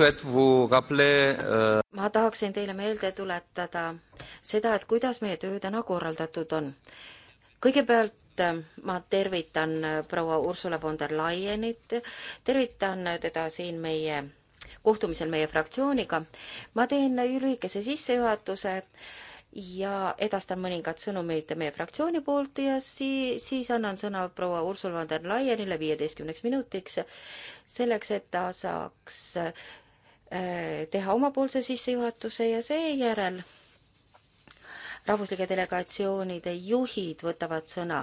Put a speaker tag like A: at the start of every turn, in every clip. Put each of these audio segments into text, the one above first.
A: Äh,
B: ma tahaksin teile meelde tuletada seda, et kuidas meie töö täna korraldatud on. kõigepealt äh, ma tervitan äh, proua Ursula von der Leyenit, tervitan teda siin meie kohtumisel meie fraktsiooniga. ma teen lühikese sissejuhatuse ja edastan mõningad sõnumid meie fraktsiooni poolt ja sii-, siis annan sõna proua Ursula von der Leyenile viieteistkümneks minutiks, selleks et ta saaks Äh, teha omapoolse sissejuhatuse ja seejärel rahvuslike delegatsioonide juhid võtavad sõna,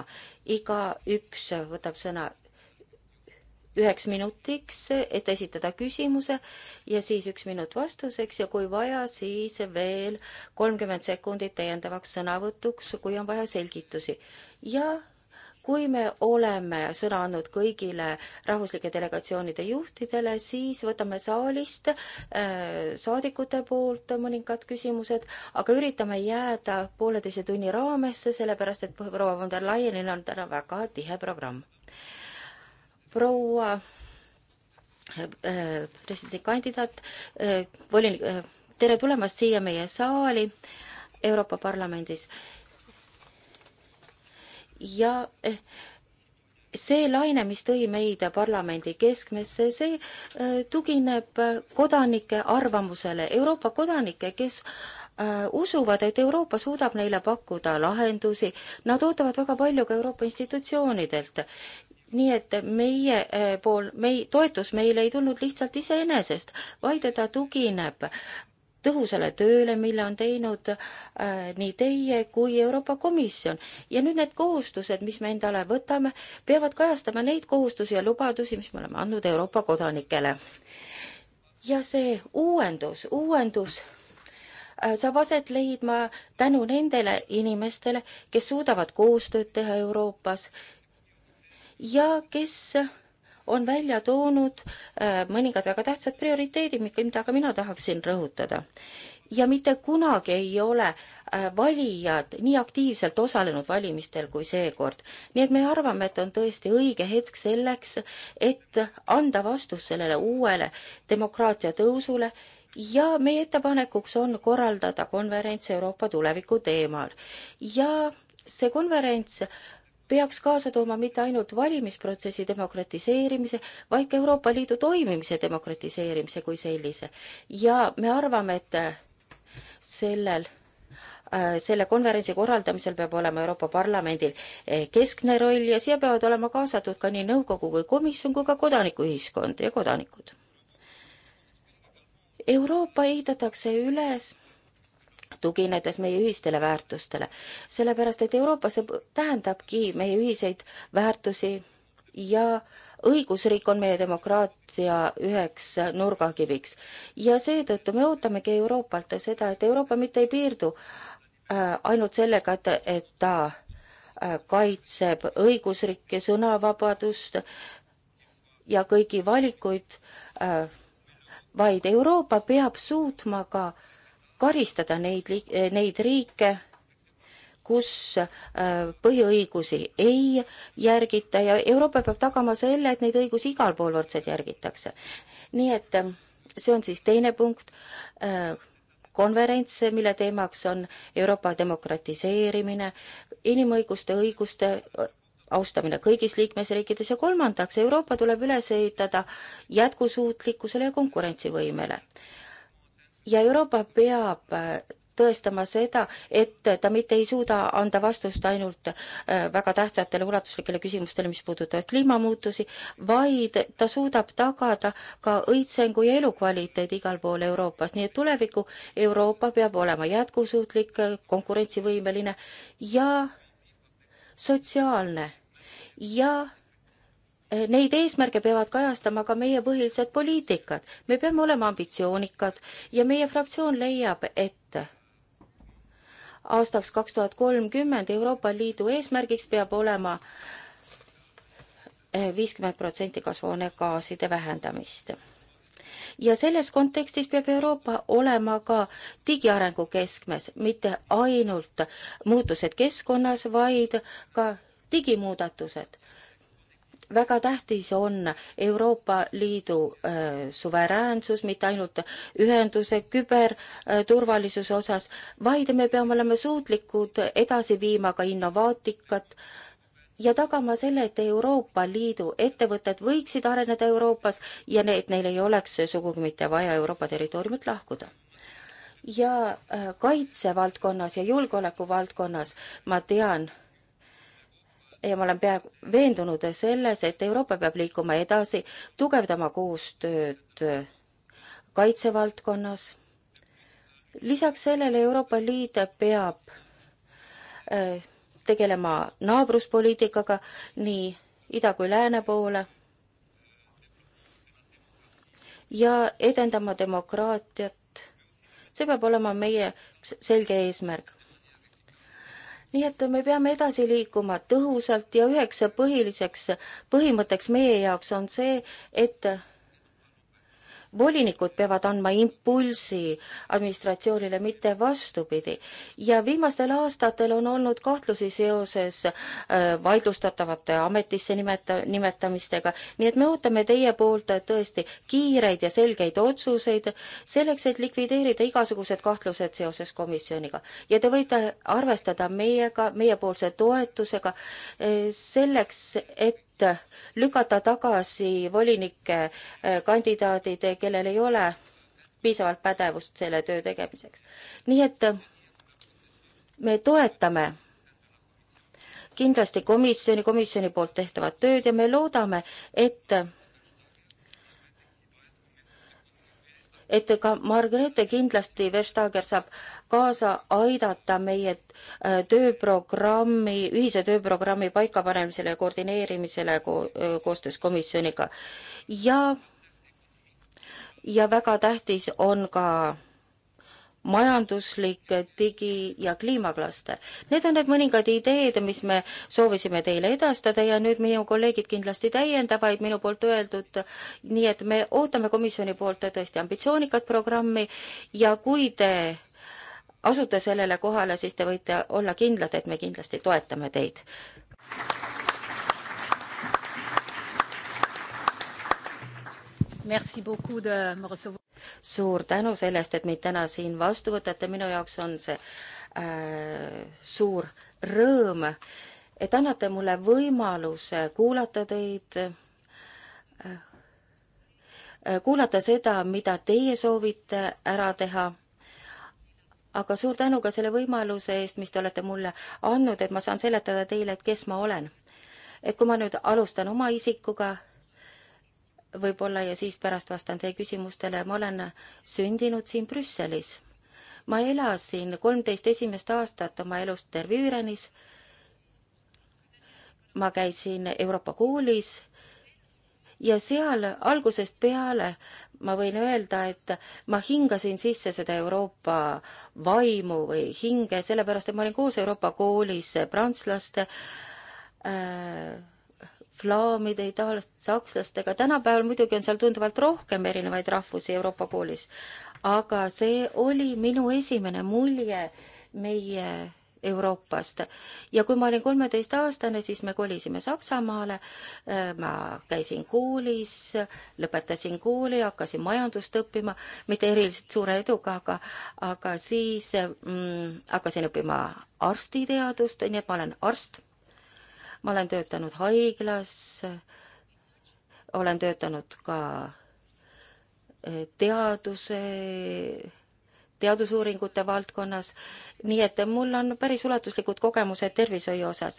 B: igaüks võtab sõna üheks minutiks, et esitada küsimuse ja siis üks minut vastuseks ja kui vaja, siis veel kolmkümmend sekundit täiendavaks sõnavõtuks, kui on vaja selgitusi. ja kui me oleme sõna andnud kõigile rahvuslike delegatsioonide juhtidele, siis võtame saalist äh, saadikute poolt mõningad küsimused, aga üritame jääda pooleteise tunni raamesse, sellepärast et proua von der Leyenil on täna väga tihe programm. proua äh, presidendikandidaat, äh, volinik, tere tulemast siia meie saali Euroopa Parlamendis ja eh, see laine, mis tõi meid parlamendi keskmesse, see eh, tugineb eh, kodanike arvamusele, Euroopa kodanike, kes usuvad, et Euroopa suudab neile pakkuda lahendusi, nad ootavad väga palju ka Euroopa institutsioonidelt. nii et meie pool, mei-, toetus meile ei tulnud lihtsalt iseenesest, vaid ta tugineb tõhusale tööle, mille on teinud äh, nii teie kui Euroopa Komisjon. ja nüüd need kohustused, mis me endale võtame, peavad kajastama neid kohustusi ja lubadusi, mis me oleme andnud Euroopa kodanikele. ja see uuendus, uuendus äh, saab aset leidma tänu nendele inimestele, kes suudavad koostööd teha Euroopas ja kes äh, on välja toonud äh, mõningad väga tähtsad prioriteedid, mida ka mina tahaksin rõhutada ja mitte kunagi ei ole äh, valijad nii aktiivselt osalenud valimistel kui seekord. nii et me arvame, et on tõesti õige hetk selleks, et anda vastus sellele uuele demokraatia tõusule ja meie ettepanekuks on korraldada konverents Euroopa tuleviku teemal. ja see konverents peaks kaasa tooma mitte ainult valimisprotsessi demokratiseerimise, vaid ka Euroopa Liidu toimimise demokratiseerimise kui sellise. ja me arvame, et sellel äh, selle konverentsi korraldamisel peab olema Euroopa Parlamendil äh, keskne roll ja siia peavad olema kaasatud ka nii nõukogu kui komisjon kui ka kodanikuühiskond ja kodanikud. Euroopa ehitatakse üles tuginedes meie ühistele väärtustele, sellepärast et Euroopa see tähendabki meie ühiseid väärtusi ja õigusriik on meie demokraatia üheks nurgakiviks. ja seetõttu me ootamegi Euroopalt seda, et Euroopa mitte ei piirdu äh, ainult sellega, et, et ta äh, kaitseb õigusrikke, sõnavabadust ja kõigi valikuid, äh, vaid Euroopa peab suutma ka äh, karistada neid, eh, neid riike, kus äh, põhiõigusi ei järgita ja Euroopa peab tagama selle, et neid õigusi igal pool võrdselt järgitakse. nii et ähm, see on siis teine punkt, äh, konverents, mille teemaks on Euroopa demokratiseerimine, inimõiguste, õiguste äh, austamine kõigis liikmesriikides ja kolmandaks, Euroopa tuleb üles ehitada jätkusuutlikkusele ja konkurentsivõimele ja Euroopa peab äh, tõestama seda, et ta mitte ei suuda anda vastust ainult äh, väga tähtsatele ulatuslikele küsimustele, mis puudutavad kliimamuutusi, vaid ta suudab tagada ka õitsengu ja elukvaliteedi igal pool Euroopas, nii et tuleviku Euroopa peab olema jätkusuutlik, konkurentsivõimeline ja sotsiaalne ja Äh, neid eesmärke peavad kajastama ka meie põhilised poliitikad. me peame olema ambitsioonikad ja meie fraktsioon leiab, et aastaks kaks tuhat kolmkümmend Euroopa Liidu eesmärgiks peab olema äh, viiskümmend protsenti kasvuhoonegaaside vähendamist. ja selles kontekstis peab Euroopa olema ka digiarengu keskmes, mitte ainult muutused keskkonnas, vaid ka digimuudatused väga tähtis on Euroopa Liidu äh, suveräänsus, mitte ainult ühenduse küberturvalisuse äh, osas, vaid me peame olema suutlikud edasi viima ka innovaatikat ja tagama selle, et Euroopa Liidu ettevõtted võiksid areneda Euroopas ja et neil ei oleks sugugi mitte vaja Euroopa territooriumilt lahkuda ja äh, kaitsevaldkonnas ja julgeolekuvaldkonnas ma tean äh,, ja ma olen peaaegu veendunud selles, et Euroopa peab liikuma edasi, tugevdama koostööd kaitsevaldkonnas. lisaks sellele Euroopa Liit peab äh, tegelema naabruspoliitikaga nii ida kui lääne poole ja edendama demokraatiat. see peab olema meie selge eesmärk nii et me peame edasi liikuma tõhusalt ja üheks põhiliseks põhimõtteks meie jaoks on see, et volinikud peavad andma impulsi administratsioonile, mitte vastupidi. ja viimastel aastatel on olnud kahtlusi seoses äh, vaidlustatavate ametisse nimeta-, nimetamistega, nii et me ootame teie poolt tõesti kiireid ja selgeid otsuseid, selleks et likvideerida igasugused kahtlused seoses komisjoniga. ja te võite arvestada meiega, meiepoolse toetusega äh, selleks, et et lükata tagasi volinike äh, kandidaadid, kellel ei ole piisavalt pädevust selle töö tegemiseks. nii et me toetame kindlasti komisjoni, komisjoni poolt tehtavat tööd ja me loodame, et et ka Margrethe kindlasti Vestager saab kaasa aidata meie äh, tööprogrammi, ühise tööprogrammi paikapanemisele ja koordineerimisele ko äh, koostöös komisjoniga. ja, ja väga tähtis on ka majanduslik digi- ja kliimaklaster. Need on need mõningad ideed, mis me soovisime teile edastada ja nüüd minu kolleegid kindlasti täiendavaid minu poolt öeldud, nii et me ootame komisjoni poolt tõesti ambitsioonikat programmi ja kui te asute sellele kohale, siis te võite olla kindlad, et me kindlasti toetame teid. suur tänu selle eest, et meid täna siin vastu võtate, minu jaoks on see äh, suur rõõm, et annate mulle võimaluse kuulata teid äh,, kuulata seda, mida teie soovite ära teha aga suur tänu ka selle võimaluse eest, mis te olete mulle andnud, et ma saan seletada teile, et kes ma olen. et kui ma nüüd alustan oma isikuga, võib-olla ja siis pärast vastan teie küsimustele. ma olen sündinud siin Brüsselis. ma elasin kolmteist esimest aastat oma elust Tervüürenis. ma käisin Euroopa koolis ja seal algusest peale ma võin öelda, et ma hingasin sisse seda Euroopa vaimu või hinge, sellepärast et ma olin koos Euroopa koolis prantslaste äh, flaamide, itaallast, sakslastega, tänapäeval muidugi on seal tunduvalt rohkem erinevaid rahvusi Euroopa koolis, aga see oli minu esimene mulje meie Euroopast. ja kui ma olin kolmeteistaastane, siis me kolisime Saksamaale, äh, ma käisin koolis, lõpetasin kooli, hakkasin majandust õppima, mitte eriliselt suure eduga, aga, aga siis mm, hakkasin õppima arstiteadust, nii et ma olen arst ma olen töötanud haiglas, olen töötanud ka e, teaduse, teadusuuringute valdkonnas, nii et mul on päris ulatuslikud kogemused tervishoiu osas.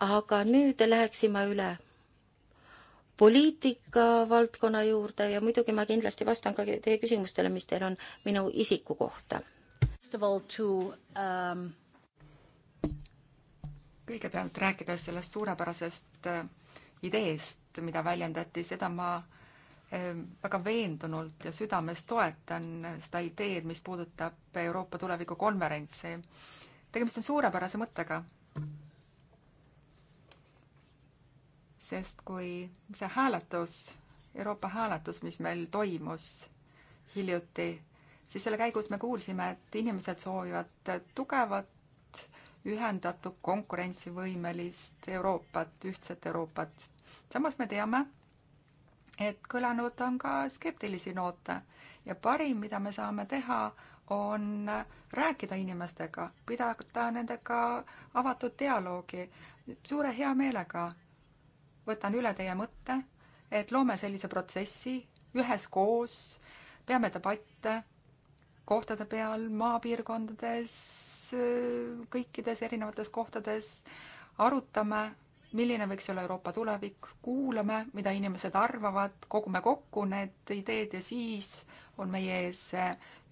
B: aga nüüd läheksin ma üle poliitika valdkonna juurde ja muidugi ma kindlasti vastan ka teie küsimustele, mis teil on minu isiku kohta.
C: First of all to um kõigepealt rääkides sellest suurepärasest äh, ideest, mida väljendati, seda ma äh, väga veendunult ja südames toetan seda ideed, mis puudutab Euroopa tuleviku konverentsi. tegemist on suurepärase mõttega. sest kui see hääletus, Euroopa hääletus, mis meil toimus hiljuti, siis selle käigus me kuulsime, et inimesed soovivad tugevat ühendatud, konkurentsivõimelist Euroopat, ühtset Euroopat. samas me teame, et kõlanud on ka skeptilisi noote ja parim, mida me saame teha, on rääkida inimestega, pidada nendega avatud dialoogi. suure heameelega võtan üle teie mõtte, et loome sellise protsessi üheskoos, peame debatte kohtade peal, maapiirkondades, Äh, kõikides erinevates kohtades, arutame, milline võiks olla Euroopa tulevik, kuulame, mida inimesed arvavad, kogume kokku need ideed ja siis on meie ees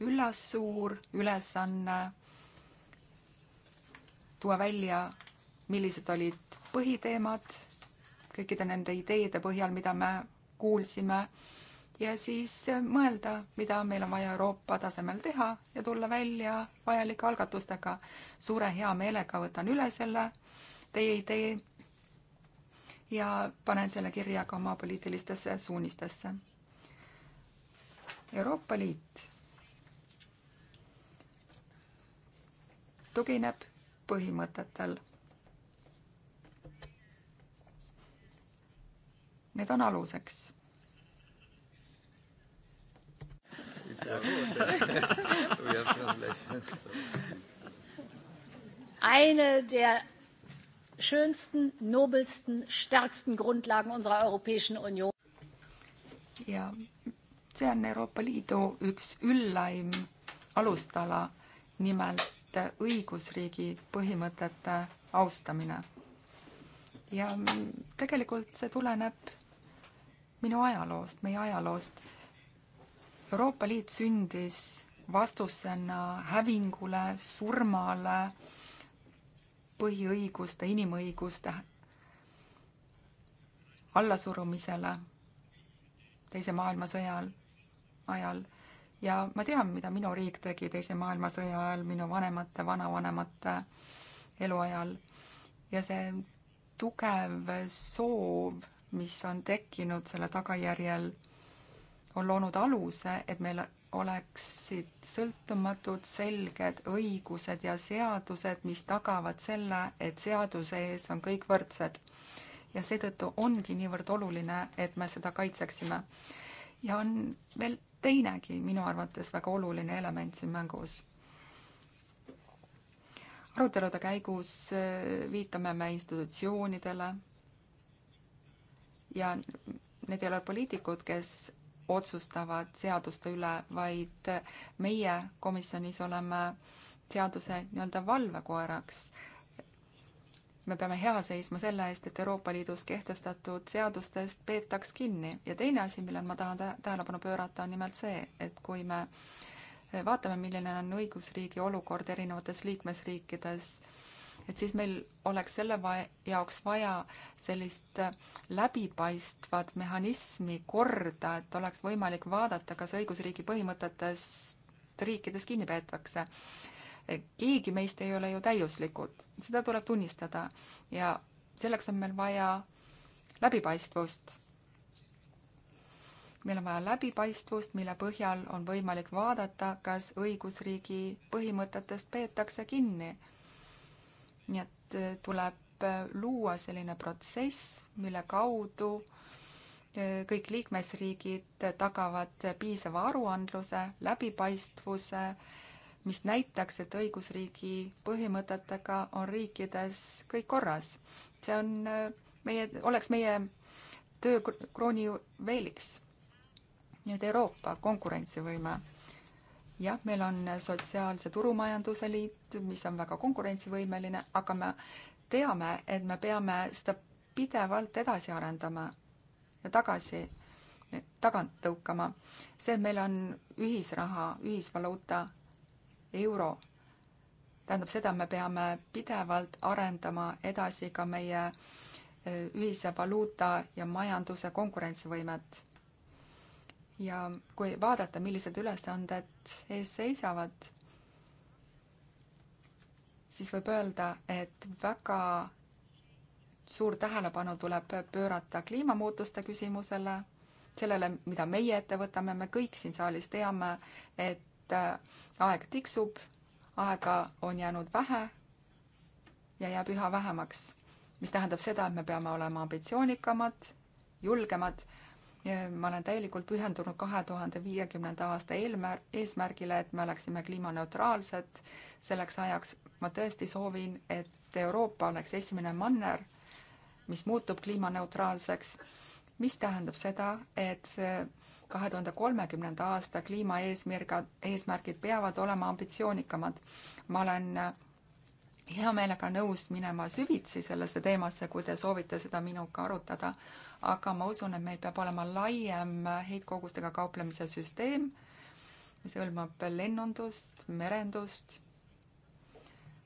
C: üllas suur ülesanne tuua välja, millised olid põhiteemad kõikide nende ideede põhjal, mida me kuulsime ja siis mõelda, mida meil on vaja Euroopa tasemel teha ja tulla välja vajalike algatustega. suure hea meelega võtan üle selle teie idee ja panen selle kirja ka oma poliitilistesse suunistesse. Euroopa Liit tugineb põhimõtetel. Need on aluseks
D: Eine der schönsten, nobelsten, stärksten Grundlagen unserer
C: Europäischen Union. ja see on Euroopa Liidu üks üllaim alustala, nimelt õigusriigi põhimõtete austamine. ja tegelikult see tuleneb minu ajaloost, meie ajaloost Euroopa Liit sündis vastusena hävingule, surmale, põhiõiguste, inimõiguste allasurumisele Teise maailmasõja ajal ja ma tean, mida minu riik tegi Teise maailmasõja ajal minu vanemate, vanavanemate eluajal. ja see tugev soov, mis on tekkinud selle tagajärjel on loonud aluse, et meil oleksid sõltumatud, selged õigused ja seadused, mis tagavad selle, et seaduse ees on kõik võrdsed. ja seetõttu ongi niivõrd oluline, et me seda kaitseksime. ja on veel teinegi minu arvates väga oluline element siin mängus. arutelude käigus äh, viitame me institutsioonidele ja need ei ole poliitikud, kes otsustavad seaduste üle, vaid meie komisjonis oleme seaduse nii-öelda valvekoeraks. me peame hea seisma selle eest, et Euroopa Liidus kehtestatud seadustest peetaks kinni ja teine asi, millele ma tahan tähelepanu pöörata, on nimelt see, et kui me vaatame, milline on õigusriigi olukord erinevates liikmesriikides, et siis meil oleks selle va-, jaoks vaja sellist äh, läbipaistvat mehhanismi, korda, et oleks võimalik vaadata, kas õigusriigi põhimõtetest riikides kinni peetakse. keegi meist ei ole ju täiuslikud, seda tuleb tunnistada ja selleks on meil vaja läbipaistvust meil on vaja läbipaistvust, mille põhjal on võimalik vaadata, kas õigusriigi põhimõtetest peetakse kinni nii et eh, tuleb eh, luua selline protsess, mille kaudu eh, kõik liikmesriigid tagavad piisava aruandluse, läbipaistvuse, mis näitaks, et õigusriigi põhimõtetega on riikides kõik korras. see on meie, oleks meie töö krooni veeliks. nüüd Euroopa konkurentsivõime jah, meil on sotsiaalse turumajanduse liit, mis on väga konkurentsivõimeline, aga me teame, et me peame seda pidevalt edasi arendama ja tagasi, tagant tõukama. see, et meil on ühisraha, ühisvaluuta, euro, tähendab seda, me peame pidevalt arendama edasi ka meie ühise valuuta ja majanduse konkurentsivõimet ja kui vaadata, millised ülesanded ees seisavad, siis võib öelda, et väga suur tähelepanu tuleb pöörata kliimamuutuste küsimusele, sellele, mida meie ette võtame, me kõik siin saalis teame, et äh, aeg tiksub, aega on jäänud vähe ja jääb üha vähemaks, mis tähendab seda, et me peame olema ambitsioonikamad, julgemad ma olen täielikult pühendunud kahe tuhande viiekümnenda aasta eelmär-, eesmärgile, et me oleksime kliimaneutraalsed selleks ajaks. ma tõesti soovin, et Euroopa oleks esimene manner, mis muutub kliimaneutraalseks, mis tähendab seda, et kahe tuhande kolmekümnenda aasta kliimaeesmärgad, eesmärgid peavad olema ambitsioonikamad. ma olen hea meelega nõus minema süvitsi sellesse teemasse, kui te soovite seda minuga arutada, aga ma usun, et meil peab olema laiem heitkogustega kauplemise süsteem, mis hõlmab lennundust, merendust.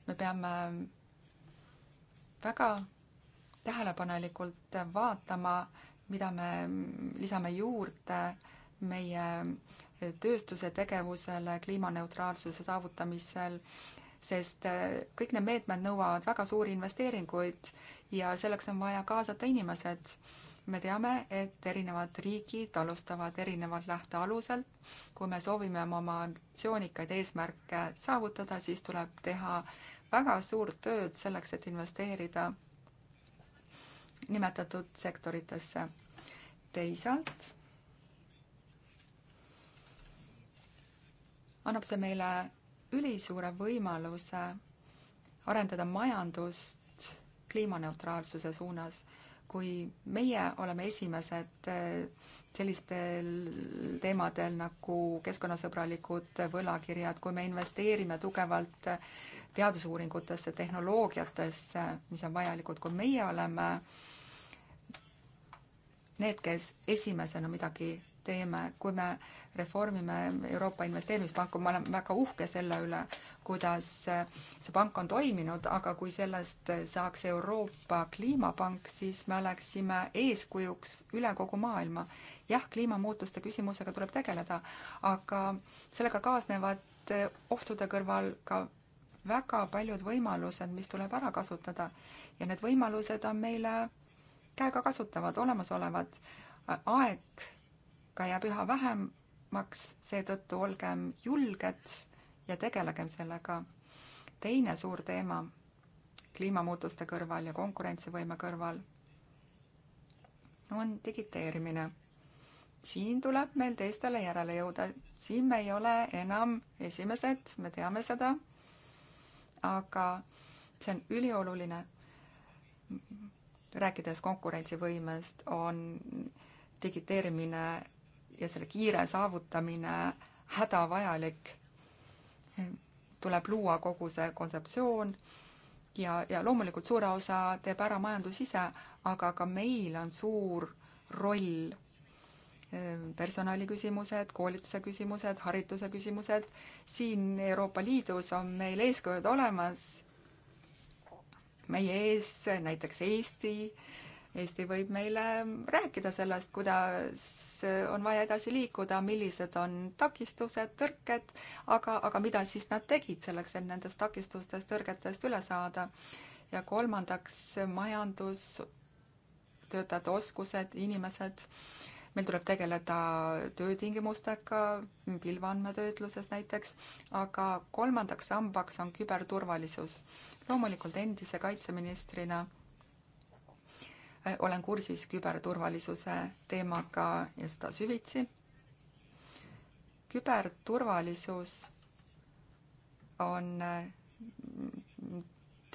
C: me peame väga tähelepanelikult vaatama, mida me lisame juurde meie tööstuse tegevusele kliimaneutraalsuse saavutamisel, sest kõik need meetmed nõuavad väga suuri investeeringuid ja selleks on vaja kaasata inimesed me teame, et erinevad riigid alustavad erinevalt lähtealuselt. kui me soovime oma ambitsioonikaid eesmärke saavutada, siis tuleb teha väga suurt tööd selleks, et investeerida nimetatud sektoritesse. teisalt annab see meile ülisuure võimaluse arendada majandust kliimaneutraalsuse suunas kui meie oleme esimesed eh, sellistel teemadel nagu keskkonnasõbralikud võlakirjad, kui me investeerime tugevalt teadusuuringutesse, tehnoloogiatesse, mis on vajalikud, kui meie oleme need, kes esimesena midagi teeme, kui me reformime Euroopa Investeerimispanku, ma olen väga uhke selle üle, kuidas see pank on toiminud, aga kui sellest saaks Euroopa kliimapank, siis me oleksime eeskujuks üle kogu maailma. jah, kliimamuutuste küsimusega tuleb tegeleda, aga sellega kaasnevad ohtude kõrval ka väga paljud võimalused, mis tuleb ära kasutada ja need võimalused on meile käega kasutavad, olemasolevad. aeg hulka jääb üha vähemaks, seetõttu olgem julged ja tegelegem sellega. teine suur teema kliimamuutuste kõrval ja konkurentsivõime kõrval on digiteerimine. siin tuleb meil teistele järele jõuda, siin me ei ole enam esimesed, me teame seda. aga see on ülioluline. rääkides konkurentsivõimest, on digiteerimine ja selle kiire saavutamine hädavajalik. tuleb luua kogu see kontseptsioon ja, ja loomulikult suure osa teeb ära majandus ise, aga ka meil on suur roll personaliküsimused, koolituse küsimused, harituse küsimused. siin Euroopa Liidus on meil eeskujud olemas. meie ees näiteks Eesti äh, Eesti võib meile rääkida sellest, kuidas on vaja edasi liikuda, millised on takistused, tõrked, aga, aga mida siis nad tegid selleks, et nendest takistustest, tõrgetest üle saada. ja kolmandaks, majandus, töötajate oskused, inimesed meil tuleb tegeleda töötingimustega, pilveandmetöötluses näiteks, aga kolmandaks sambaks on küberturvalisus. loomulikult endise kaitseministrina Äh, olen kursis küberturvalisuse teemaga ja seda süvitsi. küberturvalisus on äh,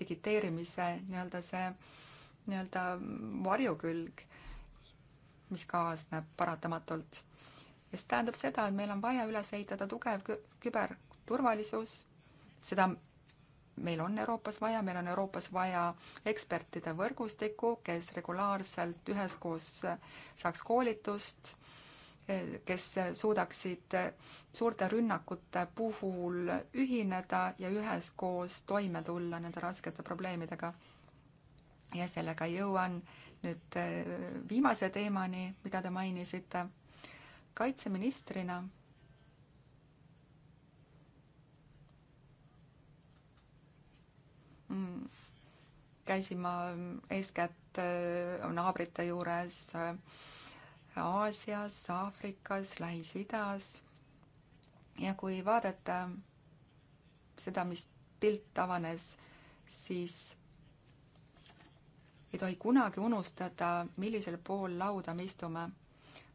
C: digiteerimise nii-öelda see nii-öelda varjukülg, mis kaasneb paratamatult. ja see tähendab seda, et meil on vaja üles ehitada tugev küberturvalisus, seda meil on Euroopas vaja, meil on Euroopas vaja ekspertide võrgustikku, kes regulaarselt üheskoos saaks koolitust, kes suudaksid suurte rünnakute puhul ühineda ja üheskoos toime tulla nende raskete probleemidega. ja sellega jõuan nüüd viimase teemani, mida te mainisite. kaitseministrina Mm. käisin ma eeskätt äh, naabrite juures äh, Aasias, Aafrikas, Lähis-Idas. ja kui vaadata seda, mis pilt avanes, siis ei tohi kunagi unustada, millisel pool lauda me istume. ma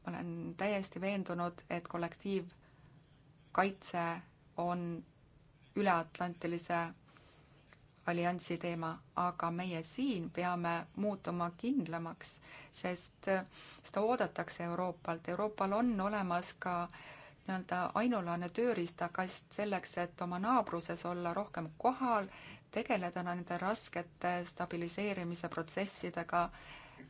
C: olen täiesti veendunud, et kollektiivkaitse on üleatlantilise alliansi teema, aga meie siin peame muutuma kindlamaks, sest seda oodatakse Euroopalt. Euroopal on olemas ka nii-öelda ainulaadne tööriistakast selleks, et oma naabruses olla rohkem kohal, tegeleda nende raskete stabiliseerimise protsessidega,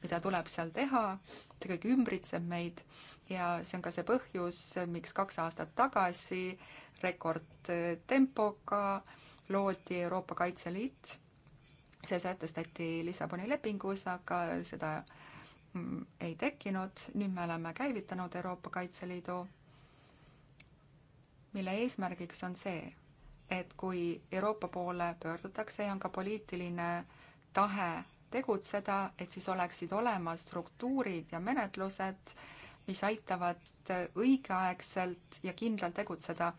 C: mida tuleb seal teha, see kõik ümbritseb meid ja see on ka see põhjus, miks kaks aastat tagasi rekordtempoga ka loodi Euroopa Kaitseliit, see sätestati Lissaboni lepingus, aga seda mm, ei tekkinud, nüüd me oleme käivitanud Euroopa Kaitseliidu, mille eesmärgiks on see, et kui Euroopa poole pöördutakse ja on ka poliitiline tahe tegutseda, et siis oleksid olemas struktuurid ja menetlused, mis aitavad õigeaegselt ja kindlalt tegutseda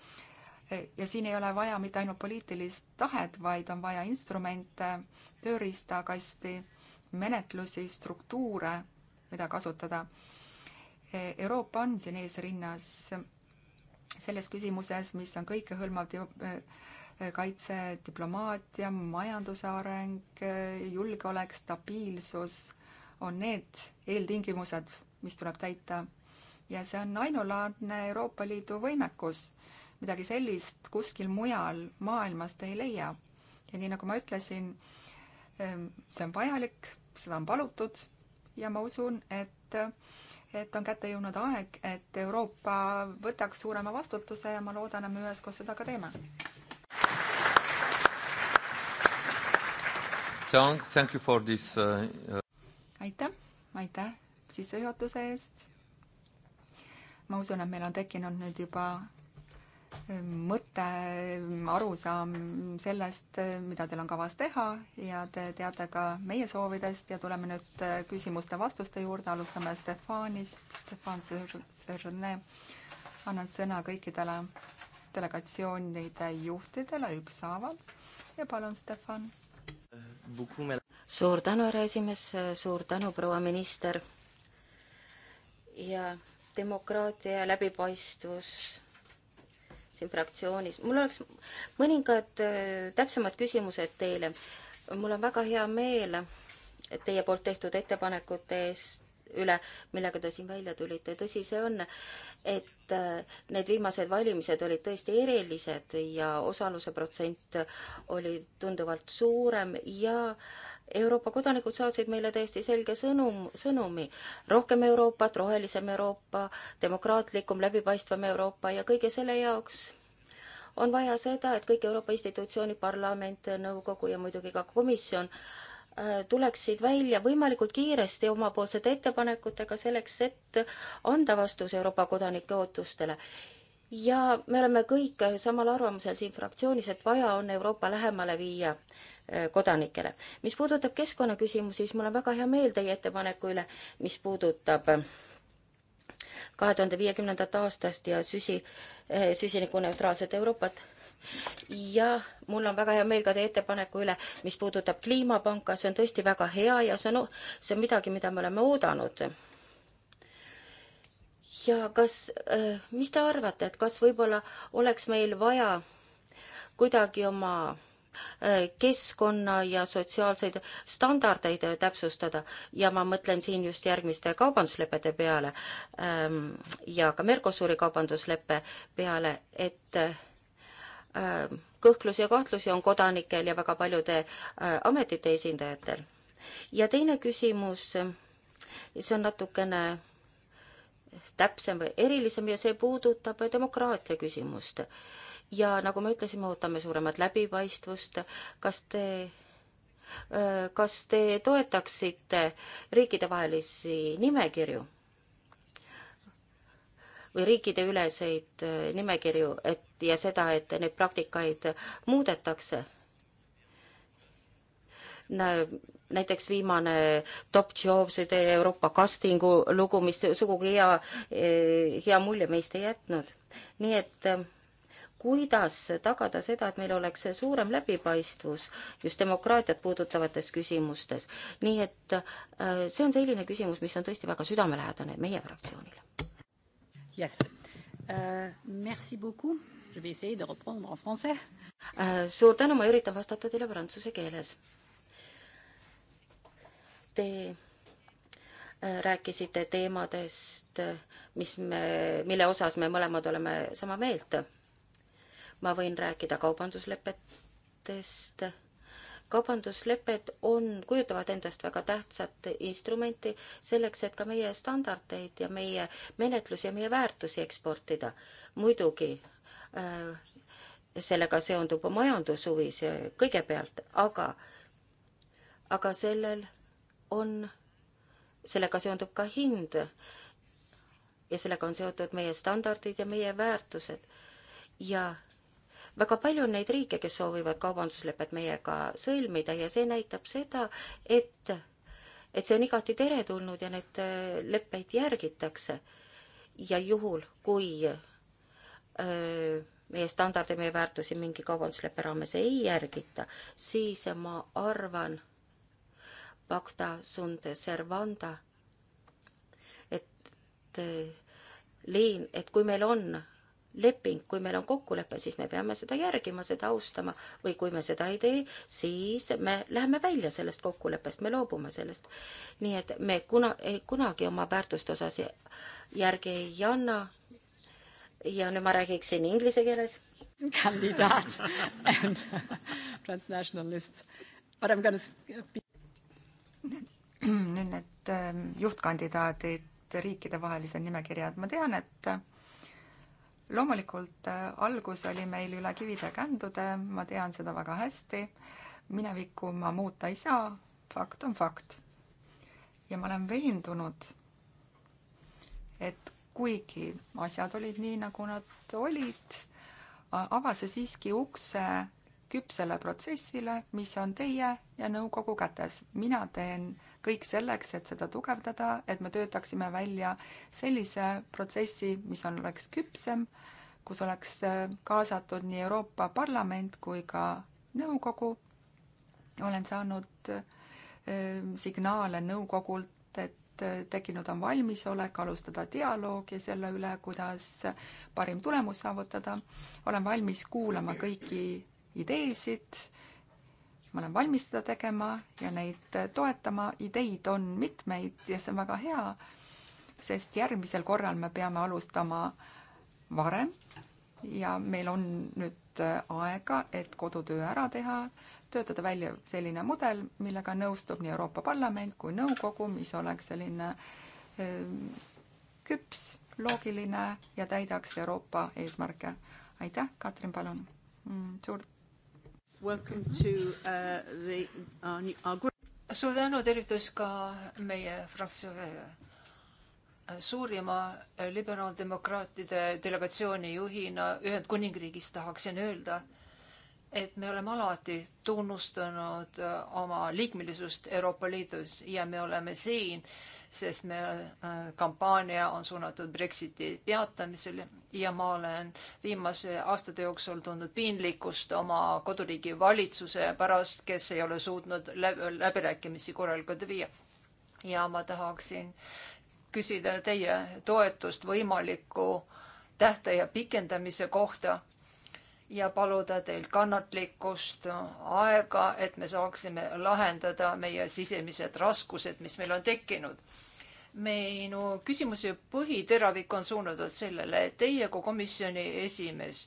C: ja siin ei ole vaja mitte ainult poliitilist tahet, vaid on vaja instrumente, tööriistakasti, menetlusi, struktuure, mida kasutada. Euroopa on siin eesrinnas selles küsimuses, mis on kõikehõlmav eh, kaitse, diplomaatia, majanduse areng, eh, julgeolek, stabiilsus on need eeltingimused, mis tuleb täita. ja see on ainulaadne Euroopa Liidu võimekus midagi sellist kuskil mujal maailmast ei leia. ja nii, nagu ma ütlesin, ehm, see on vajalik, seda on palutud ja ma usun, et et on kätte jõudnud aeg, et Euroopa võtaks suurema vastutuse ja ma loodan, et me üheskoos seda ka teeme.
A: Thank you for this uh, uh,
C: aitäh, aitäh sissejuhatuse eest. ma usun, et meil on tekkinud nüüd juba mõte, arusaam sellest, mida teil on kavas teha ja te teate ka meie soovidest ja tuleme nüüd küsimuste-vastuste juurde, alustame Stefanist, Stefan Serne. annan sõna kõikidele delegatsioonide juhtidele ükshaaval ja palun, Stefan.
B: suur tänu, härra esimees, suur tänu, proua minister. ja demokraatia ja läbipaistvus siin fraktsioonis. mul oleks mõningad äh, täpsemad küsimused teile. mul on väga hea meel teie poolt tehtud ettepanekute eest üle, millega te siin välja tulite. tõsi see on, et äh, need viimased valimised olid tõesti erilised ja osaluse protsent oli tunduvalt suurem ja äh, Euroopa kodanikud saatsid meile täiesti selge sõnum, sõnumi. rohkem Euroopat, rohelisem Euroopa, demokraatlikum, läbipaistvam Euroopa ja kõige selle jaoks on vaja seda, et kõik Euroopa institutsioonid, parlament, nõukogu ja muidugi ka komisjon äh, tuleksid välja võimalikult kiiresti omapoolsete ettepanekutega selleks, et anda vastus Euroopa kodanike ootustele. ja me oleme kõik samal arvamusel siin fraktsioonis, et vaja on Euroopa lähemale viia. Äh, kodanikele. mis puudutab keskkonnaküsimusi, siis mul on väga hea meel teie ettepaneku üle, mis puudutab äh, kahe tuhande viiekümnendat aastast ja süsi, äh, süsinikuneutraalset Euroopat ja mul on väga hea meel ka teie ettepaneku üle, mis puudutab kliimapanka, see on tõesti väga hea ja see on, see on midagi, mida me oleme oodanud. ja kas, mis te arvate, et kas võib-olla oleks meil vaja kuidagi oma Äh, keskkonna ja sotsiaalseid standardeid täpsustada ja ma mõtlen siin just järgmiste kaubanduslepete peale ähm, ja ka Mercosuri kaubandusleppe peale, et ähm, kõhklusi ja kahtlusi on kodanikel ja väga paljude äh, ametite esindajatel. ja teine küsimus, see on natukene täpsem või erilisem ja see puudutab demokraatia küsimust ja nagu ma ütlesin, me ootame suuremat läbipaistvust. kas te äh, kas te toetaksite riikidevahelisi nimekirju või riikideüleseid äh, nimekirju, et ja seda, et neid praktikaid muudetakse? näiteks viimane Top Jobside Euroopa castingu lugu, mis sugugi hea, äh, hea mulje meist ei jätnud. nii et kuidas tagada seda, et meil oleks suurem läbipaistvus just demokraatiat puudutavates küsimustes. nii et äh, see on selline küsimus, mis on tõesti väga südamelähedane meie fraktsioonile.
D: Yes. Uh, merci beaucoup. Je vais essayer de reprendre en français. Uh, suur tänu, ma üritan vastata teile prantsuse keeles.
B: Te rääkisite teemadest, mis me, mille osas me mõlemad oleme sama meelt ma võin rääkida kaubanduslepetest. kaubandusleped on, kujutavad endast väga tähtsat instrumenti selleks, et ka meie standardeid ja meie menetlusi ja meie väärtusi eksportida. muidugi äh, sellega seondub majandushuvi see kõigepealt, aga, aga sellel on, sellega seondub ka hind. ja sellega on seotud meie standardid ja meie väärtused. ja väga palju on neid riike, kes soovivad kaubanduslepet meiega sõlmida ja see näitab seda, et, et see on igati teretulnud ja neid äh, leppeid järgitakse. ja juhul, kui öö, äh, meie standarde, meie väärtusi mingi kaubandusleppe raames ei järgita, siis ma arvan, pacta sunt servanda, et äh, liin, et kui meil on leping, kui meil on kokkulepe, siis me peame seda järgima, seda austama või kui me seda ei tee, siis me läheme välja sellest kokkuleppest, me loobume sellest. nii et me kuna, kunagi oma väärtuste osas järgi ei anna. ja nüüd ma räägiksin inglise keeles.
C: kandidaat and transnationalist. But I m gonna be.... nüüd need ähm, juhtkandidaadid riikidevahelised nimekirjad, ma tean, et loomulikult äh, algus oli meil üle kivide ja kändude, ma tean seda väga hästi, minevikku ma muuta ei saa, fakt on fakt. ja ma olen veendunud, et kuigi asjad olid nii, nagu nad olid, avas see siiski ukse küpsele protsessile, mis on teie ja nõukogu kätes. mina teen kõik selleks, et seda tugevdada, et me töötaksime välja sellise protsessi, mis on, oleks küpsem, kus oleks äh, kaasatud nii Euroopa Parlament kui ka nõukogu. olen saanud äh, signaale nõukogult, et äh, tekkinud on valmisolek alustada dialoogi selle üle, kuidas parim tulemus saavutada. olen valmis kuulama kõiki ideesid ma olen valmis seda tegema ja neid toetama, ideid on mitmeid ja see on väga hea, sest järgmisel korral me peame alustama varem ja meil on nüüd aega, et kodutöö ära teha, töötada välja selline mudel, millega nõustub nii Euroopa Parlament kui nõukogu, mis oleks selline ehm, küps, loogiline ja täidaks Euroopa eesmärke. aitäh, Katrin, palun! Mm, suur
E: Welcome to uh, the, our, our group. suur tänu, tervitus ka meie fraktsioonile. Äh, suurima äh, liberaaldemokraatide delegatsiooni juhina Ühendkuningriigis tahaksin öelda, et me oleme alati tunnustanud äh, oma liikmelisust Euroopa Liidus ja me oleme siin äh, sest me, äh, kampaania on suunatud Brexiti peatamisele ja ma olen viimase aastate jooksul tundnud piinlikkust oma koduriigi valitsuse pärast, kes ei ole suutnud läbirääkimisi korralikult viia. ja ma tahaksin küsida teie toetust võimaliku tähtaja pikendamise kohta ja paluda teilt kannatlikkust, aega, et me saaksime lahendada meie sisemised raskused, mis meil on tekkinud. minu küsimuse põhiteravik on suunatud sellele, et teie kui komisjoni esimees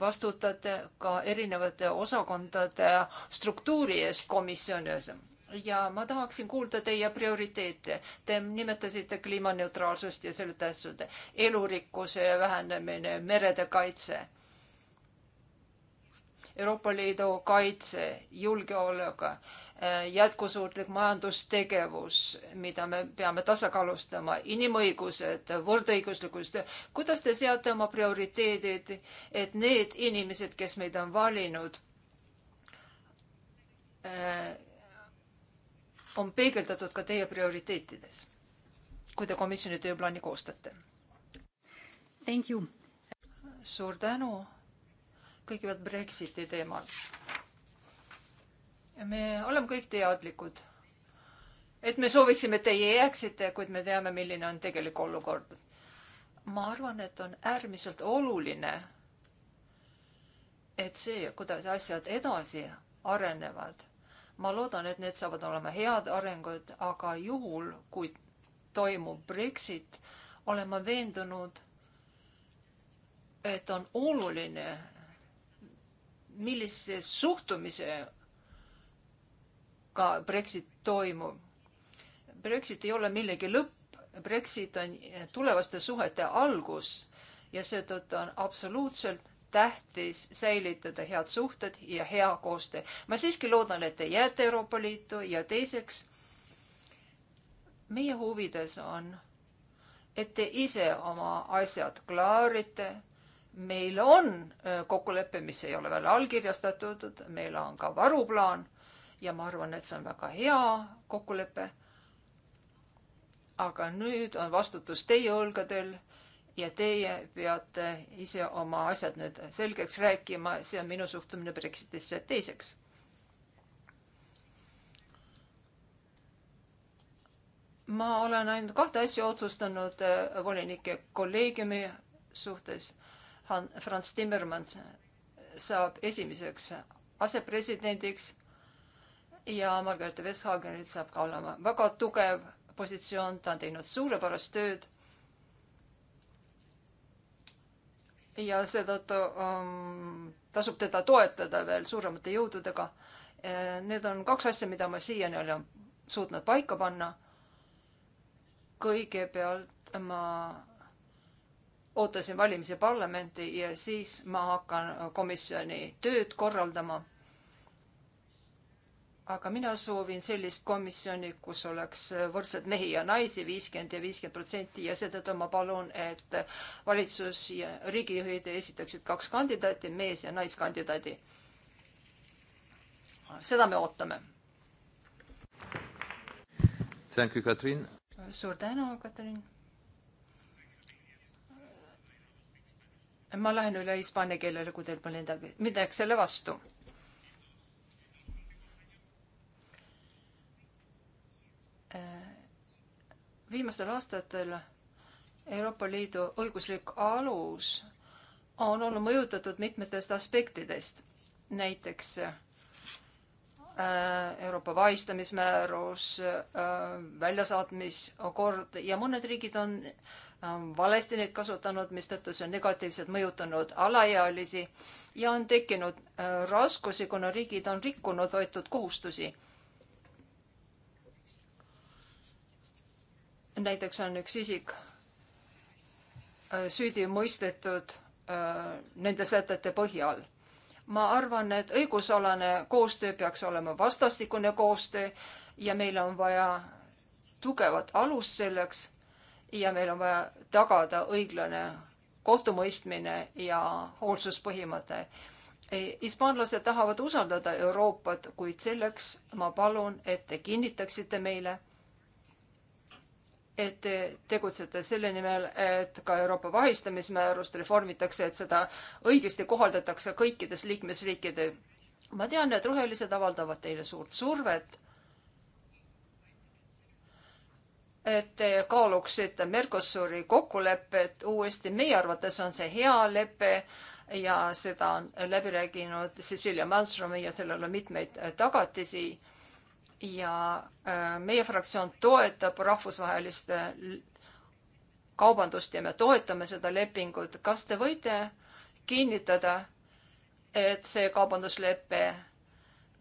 E: vastutate ka erinevate osakondade struktuuri eest komisjonis ja ma tahaksin kuulda teie prioriteete. Te nimetasite kliimaneutraalsust ja selle tähtsust, elurikkuse vähenemine, merede kaitse Euroopa Liidu kaitse, julgeolek, äh, jätkusuutlik majandustegevus, mida me peame tasakaalustama, inimõigused, võrdõiguslikkus. kuidas te seate oma prioriteedid, et need inimesed, kes meid on valinud, äh, on peegeldatud ka teie prioriteetides, kui te komisjoni tööplaani koostate. Thank you. suur tänu kõigepealt Brexiti teemal. me oleme kõik teadlikud, et me sooviksime, et teie jääksite, kuid me teame, milline on tegelik olukord. ma arvan, et on äärmiselt oluline, et see, kuidas asjad edasi arenevad, ma loodan, et need saavad olema head arengud, aga juhul, kui toimub Brexit, olen ma veendunud, et on oluline, millise suhtumisega Brexit toimub. Brexit ei ole millegi lõpp, Brexit on tulevaste suhete algus ja seetõttu on absoluutselt tähtis säilitada head suhted ja hea koostöö. ma siiski loodan, et te jääte Euroopa Liitu ja teiseks, meie huvides on, et te ise oma asjad klaarite meil on kokkulepe, mis ei ole veel allkirjastatud, meil on ka varuplaan ja ma arvan, et see on väga hea kokkulepe. aga nüüd on vastutus teie õlgadel ja teie peate ise oma asjad nüüd selgeks rääkima, see on minu suhtumine Brexitisse teiseks ma olen ainult kahte asja otsustanud volinike kolleegiumi suhtes. Franz Timmermans saab esimeseks asepresidendiks ja Margaret Vestageril saab ka olema väga tugev positsioon, ta on teinud suurepärast tööd. ja seetõttu um, tasub teda toetada veel suuremate jõududega. Äh, need on kaks asja, mida ma siiani olen suutnud paika panna. kõigepealt ma ootasin valimisi parlamenti ja siis ma hakkan komisjoni tööd korraldama. aga mina soovin sellist komisjoni, kus oleks võrdselt mehi ja naisi viiskümmend ja viiskümmend protsenti ja seetõttu ma palun, et valitsus ja riigijuhid esitaksid kaks kandidaati, mees ja naiskandidaadi. seda me ootame.
A: Thank you, Katrin.
E: suur tänu, Katrin ma lähen üle hispaania keelele, kui teil pole midagi, midagi selle vastu. Äh, viimastel aastatel Euroopa Liidu õiguslik alus on olnud mõjutatud mitmetest aspektidest, näiteks äh, Euroopa vahistamismäärus, äh, väljasaatmiskord ja mõned riigid on äh, Ähm, valesti neid kasutanud, mistõttu see on negatiivselt mõjutanud alaealisi ja on tekkinud äh, raskusi, kuna riigid on rikkunud võetud kohustusi. näiteks on üks isik äh, süüdi mõistetud äh, nende sätete põhjal ma arvan, et õigusalane koostöö peaks olema vastastikune koostöö ja meil on vaja tugevat alust selleks ja meil on vaja tagada õiglane kohtumõistmine ja hoolsuspõhimõte. hispaanlased tahavad usaldada Euroopat, kuid selleks ma palun, et te kinnitaksite meile, et te tegutsete selle nimel, et ka Euroopa vahistamismäärust reformitakse, et seda õigesti kohaldatakse kõikides liikmesriikide. ma tean, et rohelised avaldavad teile suurt survet et te kaaluksite Mercosuri kokkulepet uuesti. meie arvates on see hea lepe ja seda on läbi rääkinud Cecilia Malmström ja sellel on mitmeid tagatisi ja äh, meie fraktsioon toetab rahvusvahelist kaubandust ja me toetame seda lepingut. kas te võite kinnitada, et see kaubanduslepe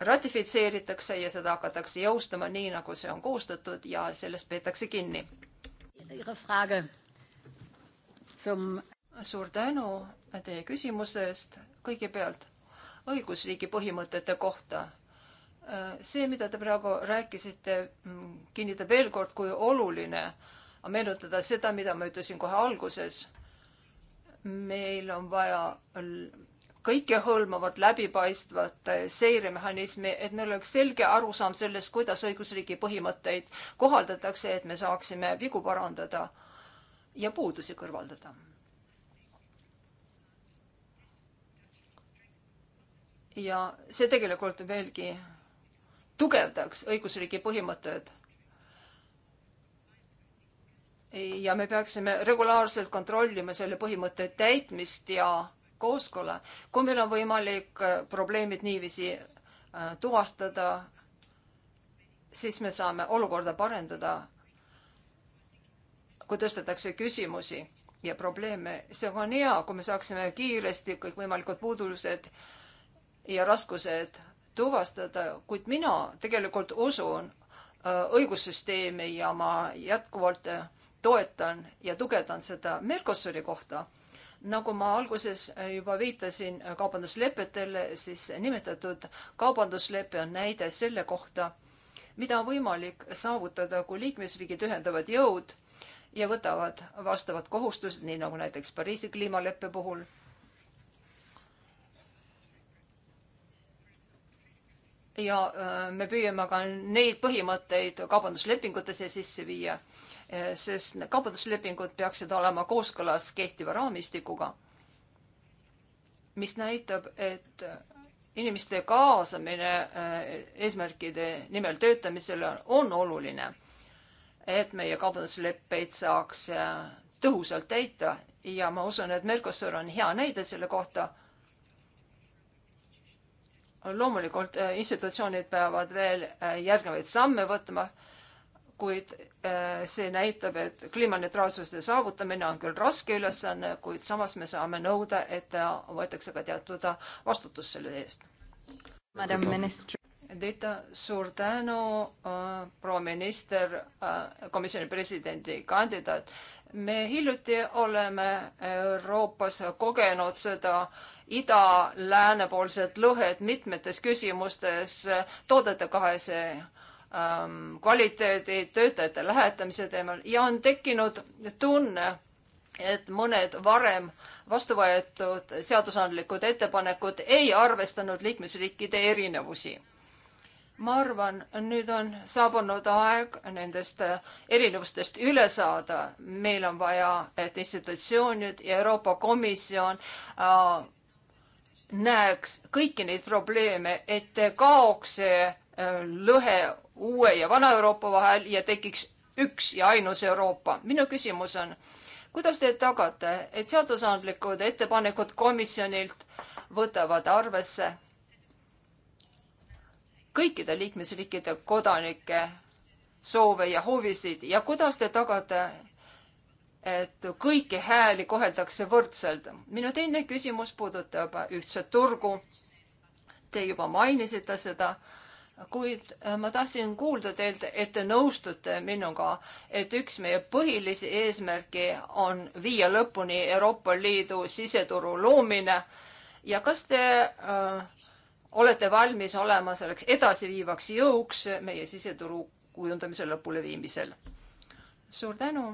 E: ratifitseeritakse ja seda hakatakse jõustama nii, nagu see on koostatud ja sellest peetakse kinni. Zum... suur tänu teie küsimuse eest. kõigepealt õigusriigi põhimõtete kohta. see, mida te praegu rääkisite, kinnitab veel kord, kui oluline on meenutada seda, mida ma ütlesin kohe alguses. meil on vaja kõikehõlmavat läbipaistvat eh, seiremehhanismi, et meil oleks selge arusaam sellest, kuidas õigusriigi põhimõtteid kohaldatakse, et me saaksime vigu parandada ja puudusi kõrvaldada. ja see tegelikult veelgi tugevdaks õigusriigi põhimõtted ja me peaksime regulaarselt kontrollima selle põhimõtte täitmist ja kooskõla. kui meil on võimalik äh, probleemid niiviisi äh, tuvastada, siis me saame olukorda parendada, kui tõstetakse küsimusi ja probleeme. see on hea, kui me saaksime kiiresti kõikvõimalikud puudused ja raskused tuvastada, kuid mina tegelikult usun äh, õigussüsteemi ja ma jätkuvalt toetan ja tugevdan seda Mercosuri kohta nagu ma alguses äh, juba viitasin äh, kaubanduslepetele, siis nimetatud kaubanduslepe on näide selle kohta, mida on võimalik saavutada, kui liikmesriigid ühendavad jõud ja võtavad vastavad kohustused, nii nagu näiteks Pariisi kliimaleppe puhul ja äh, me püüame ka neid põhimõtteid kaubanduslepingutesse sisse viia, äh, sest kaubanduslepingud peaksid olema kooskõlas kehtiva raamistikuga, mis näitab, et inimeste kaasamine äh, eesmärkide nimel töötamisele on oluline, et meie kaubandusleppeid saaks tõhusalt täita ja ma usun, et Mercosur on hea näide selle kohta loomulikult äh, institutsioonid peavad veel äh, järgnevaid samme võtma, kuid äh, see näitab, et kliimaneutraalsuse saavutamine on küll raske ülesanne, kuid samas me saame nõuda, et võetakse ka teatud vastutus selle eest. Madam minister. Dita, suur tänu, proua minister, komisjoni presidendi kandidaat. me hiljuti oleme Euroopas kogenud seda äh, ida-läänepoolsed lõhed mitmetes küsimustes, toodete kahese ähm, kvaliteedi, töötajate lähetamise teemal ja on tekkinud tunne, et mõned varem vastu võetud seadusandlikud ettepanekud ei arvestanud liikmesriikide erinevusi. ma arvan, nüüd on saabunud aeg nendest erinevustest üle saada. meil on vaja, et institutsioonid ja Euroopa Komisjon äh, näeks kõiki neid probleeme, et kaoks see äh, lõhe uue ja vana Euroopa vahel ja tekiks üks ja ainus Euroopa. minu küsimus on, kuidas te tagate, et seadusandlikud ettepanekud komisjonilt võtavad arvesse kõikide liikmesriikide kodanike soove ja huvisid ja kuidas te tagate, et kõiki hääli koheldakse võrdselt. minu teine küsimus puudutab ühtset turgu. Te juba mainisite seda, kuid ma tahtsin kuulda teilt, et te nõustute minuga, et üks meie põhilisi eesmärke on viia lõpuni Euroopa Liidu siseturu loomine ja kas te äh, olete valmis olema selleks edasiviivaks jõuks meie siseturu kujundamise lõpuleviimisel? suur tänu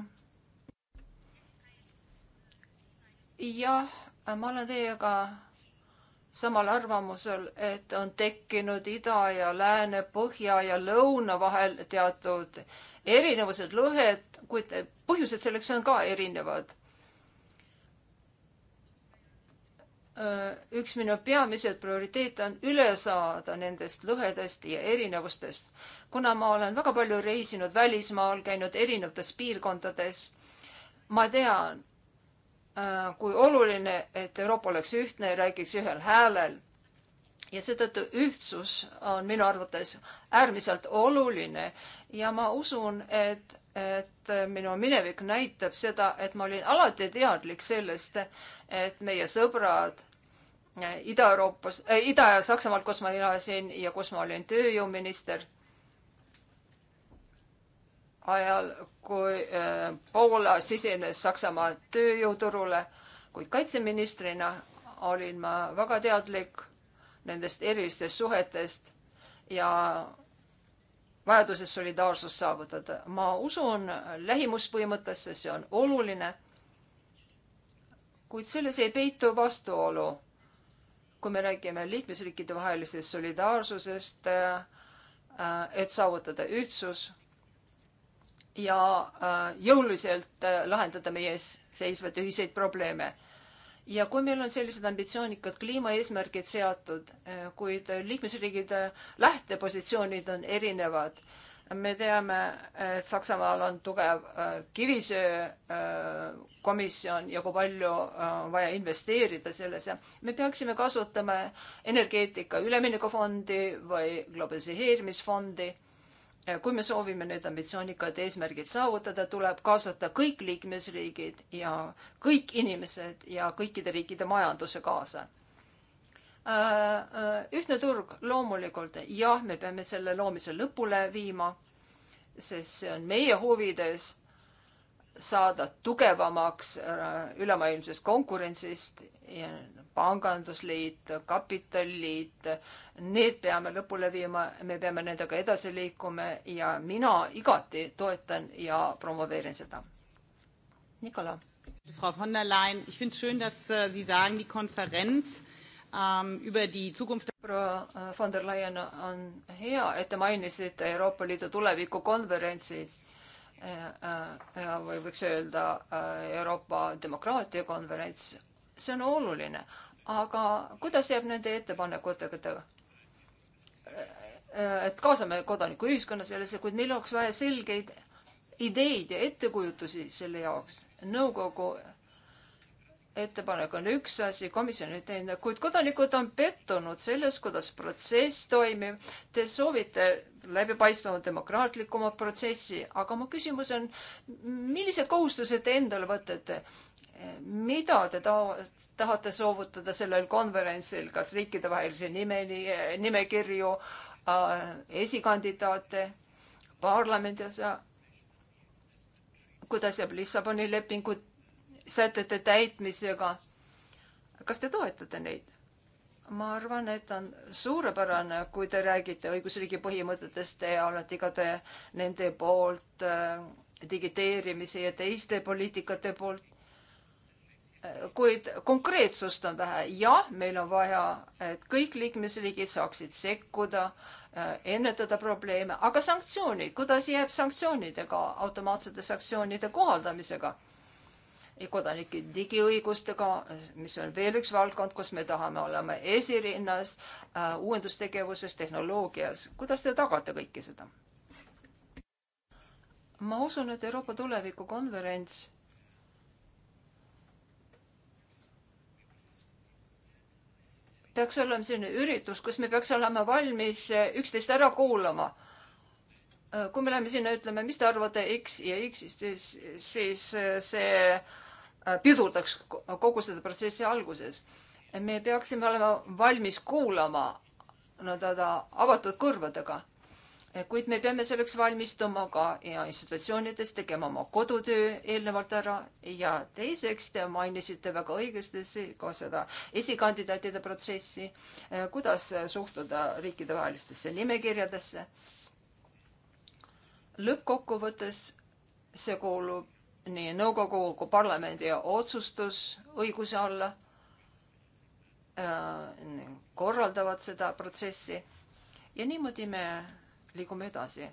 E: jah, ma olen teiega samal arvamusel, et on tekkinud ida ja lääne, põhja ja lõuna vahel teatud erinevused, lõhed, kuid põhjused selleks on ka erinevad. üks minu peamised prioriteet on üle saada nendest lõhedest ja erinevustest. kuna ma olen väga palju reisinud välismaal, käinud erinevates piirkondades, ma tean Äh, kui oluline, et Euroopa oleks ühtne ja räägiks ühel häälel. ja seetõttu ühtsus on minu arvates äärmiselt oluline ja ma usun, et, et minu minevik näitab seda, et ma olin alati teadlik sellest, et meie sõbrad äh, Ida-Euroopas äh,, Ida- ja Saksamaalt, kus ma elasin ja kus ma olin tööjõuminister ajal, kui äh, Poola sisenes Saksamaa tööjõuturule, kuid kaitseministrina olin ma väga teadlik nendest erilistest suhetest ja vajadusest solidaarsust saavutada. ma usun lähimuspõhimõttesse, see on oluline. kuid selles ei peitu vastuolu. kui me räägime liikmesriikide vahelisest solidaarsusest, äh, äh, et saavutada ühtsus ja äh, jõuliselt äh, lahendada meie ees seisvaid ühiseid probleeme. ja kui meil on sellised ambitsioonikad kliimaeesmärgid seatud, äh, kuid liikmesriigide lähtepositsioonid on erinevad, me teame, et Saksamaal on tugev kivisöökomisjon ja kui palju on vaja investeerida sellesse. me peaksime kasutama energeetika üleminekufondi või globaliseerimisfondi kui me soovime need ambitsioonikad eesmärgid saavutada, tuleb kaasata kõik liikmesriigid ja kõik inimesed ja kõikide riikide majanduse kaasa. Äh, äh, ühtne turg loomulikult, jah, me peame selle loomise lõpule viima, sest see on meie huvides saada tugevamaks äh, ülemaailmsest konkurentsist ja pangandusliit, kapitalliit, need peame lõpule viima, me peame nendega edasi liikuma ja mina igati toetan ja promoveerin seda. Nikola. Frau von der Leyen, ich finde schön, dass äh, Sie sagen, die Konferenz ähm, über die Zukunft. proua äh, von der Leyen, on hea, et te mainisite Euroopa Liidu tulevikukonverentsi äh, või võiks öelda Euroopa demokraatia konverents see on oluline, aga kuidas jääb nende ettepanekutega teha? et kaasame kodanikuühiskonna sellesse, kuid meil oleks vaja selgeid ideid ja ettekujutusi selle jaoks. nõukogu ettepanek on üks asi, komisjoni teine, kuid kodanikud on pettunud selles, kuidas protsess toimib. Te soovite läbipaistvamat, demokraatlikumat protsessi, aga mu küsimus on, millised kohustused te endale võtate? mida te ta-, tahate soovutada sellel konverentsil, kas riikidevahelisi nimeni, nimekirju äh,, esikandidaate, parlamendi osa, kuidas jääb Lissaboni lepingu sätete täitmisega, kas te toetate neid? ma arvan, et on suurepärane, kui te räägite õigusriigi põhimõtetest, te olete igatahes nende poolt äh,, digiteerimise ja teiste poliitikate poolt kuid konkreetsust on vähe. jah, meil on vaja, et kõik liikmesriigid saaksid sekkuda, äh, ennetada probleeme, aga sanktsioonid, kuidas jääb sanktsioonidega, automaatsete sanktsioonide kohaldamisega? kodanike digiõigustega, mis on veel üks valdkond, kus me tahame olema esirinnas uh,, uuendustegevuses, tehnoloogias. kuidas te tagate kõike seda? ma usun, et Euroopa tulevikukonverents peaks olema selline üritus, kus me peaks olema valmis eh, üksteist ära kuulama. Äh, kui me läheme sinna, ütleme, mis te arvate X ja X-ist, siis eh, see äh, pidurdaks kogu seda protsessi alguses. me peaksime olema valmis kuulama nii-öelda no, avatud kõrvadega kuid me peame selleks valmistuma ka ja institutsioonides tegema oma kodutöö eelnevalt ära ja teiseks te mainisite väga õigesti ka seda esikandidaatide protsessi, eh, kuidas suhtuda riikidevahelistesse nimekirjadesse. lõppkokkuvõttes see kuulub nii nõukogu kui parlamendi otsustusõiguse alla eh, korraldavad seda protsessi ja niimoodi me liigume edasi.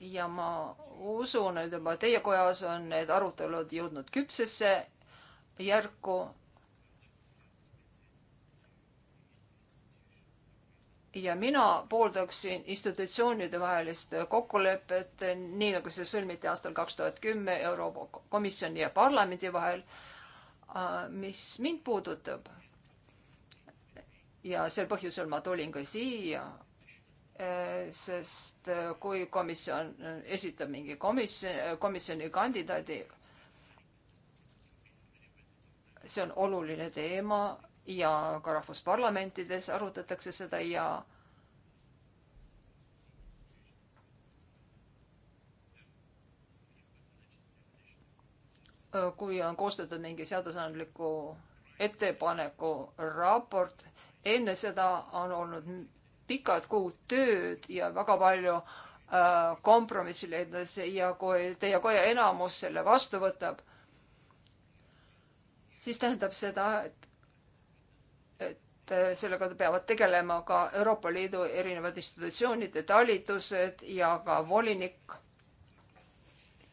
E: ja ma usun, et juba teie kojas on need arutelud jõudnud küpsesse järku. ja mina pooldaksin institutsioonide vahelist kokkulepet, nii nagu see sõlmiti aastal kaks tuhat kümme Euroopa Komisjoni ja parlamendi vahel, äh, mis mind puudutab ja sel põhjusel ma tulin ka siia Eh, sest eh, kui komisjon eh, esitab mingi komisjon, komisjoni kandidaadi, see on oluline teema ja ka rahvusparlamentides arutatakse seda ja kui on koostatud mingi seadusandliku ettepaneku raport, enne seda on olnud pikad kuud tööd ja väga palju äh, kompromissi leidnud ja kui teie koja enamus selle vastu võtab, siis tähendab seda, et, et äh, sellega peavad tegelema ka Euroopa Liidu erinevad institutsioonid ja talitused ja ka volinik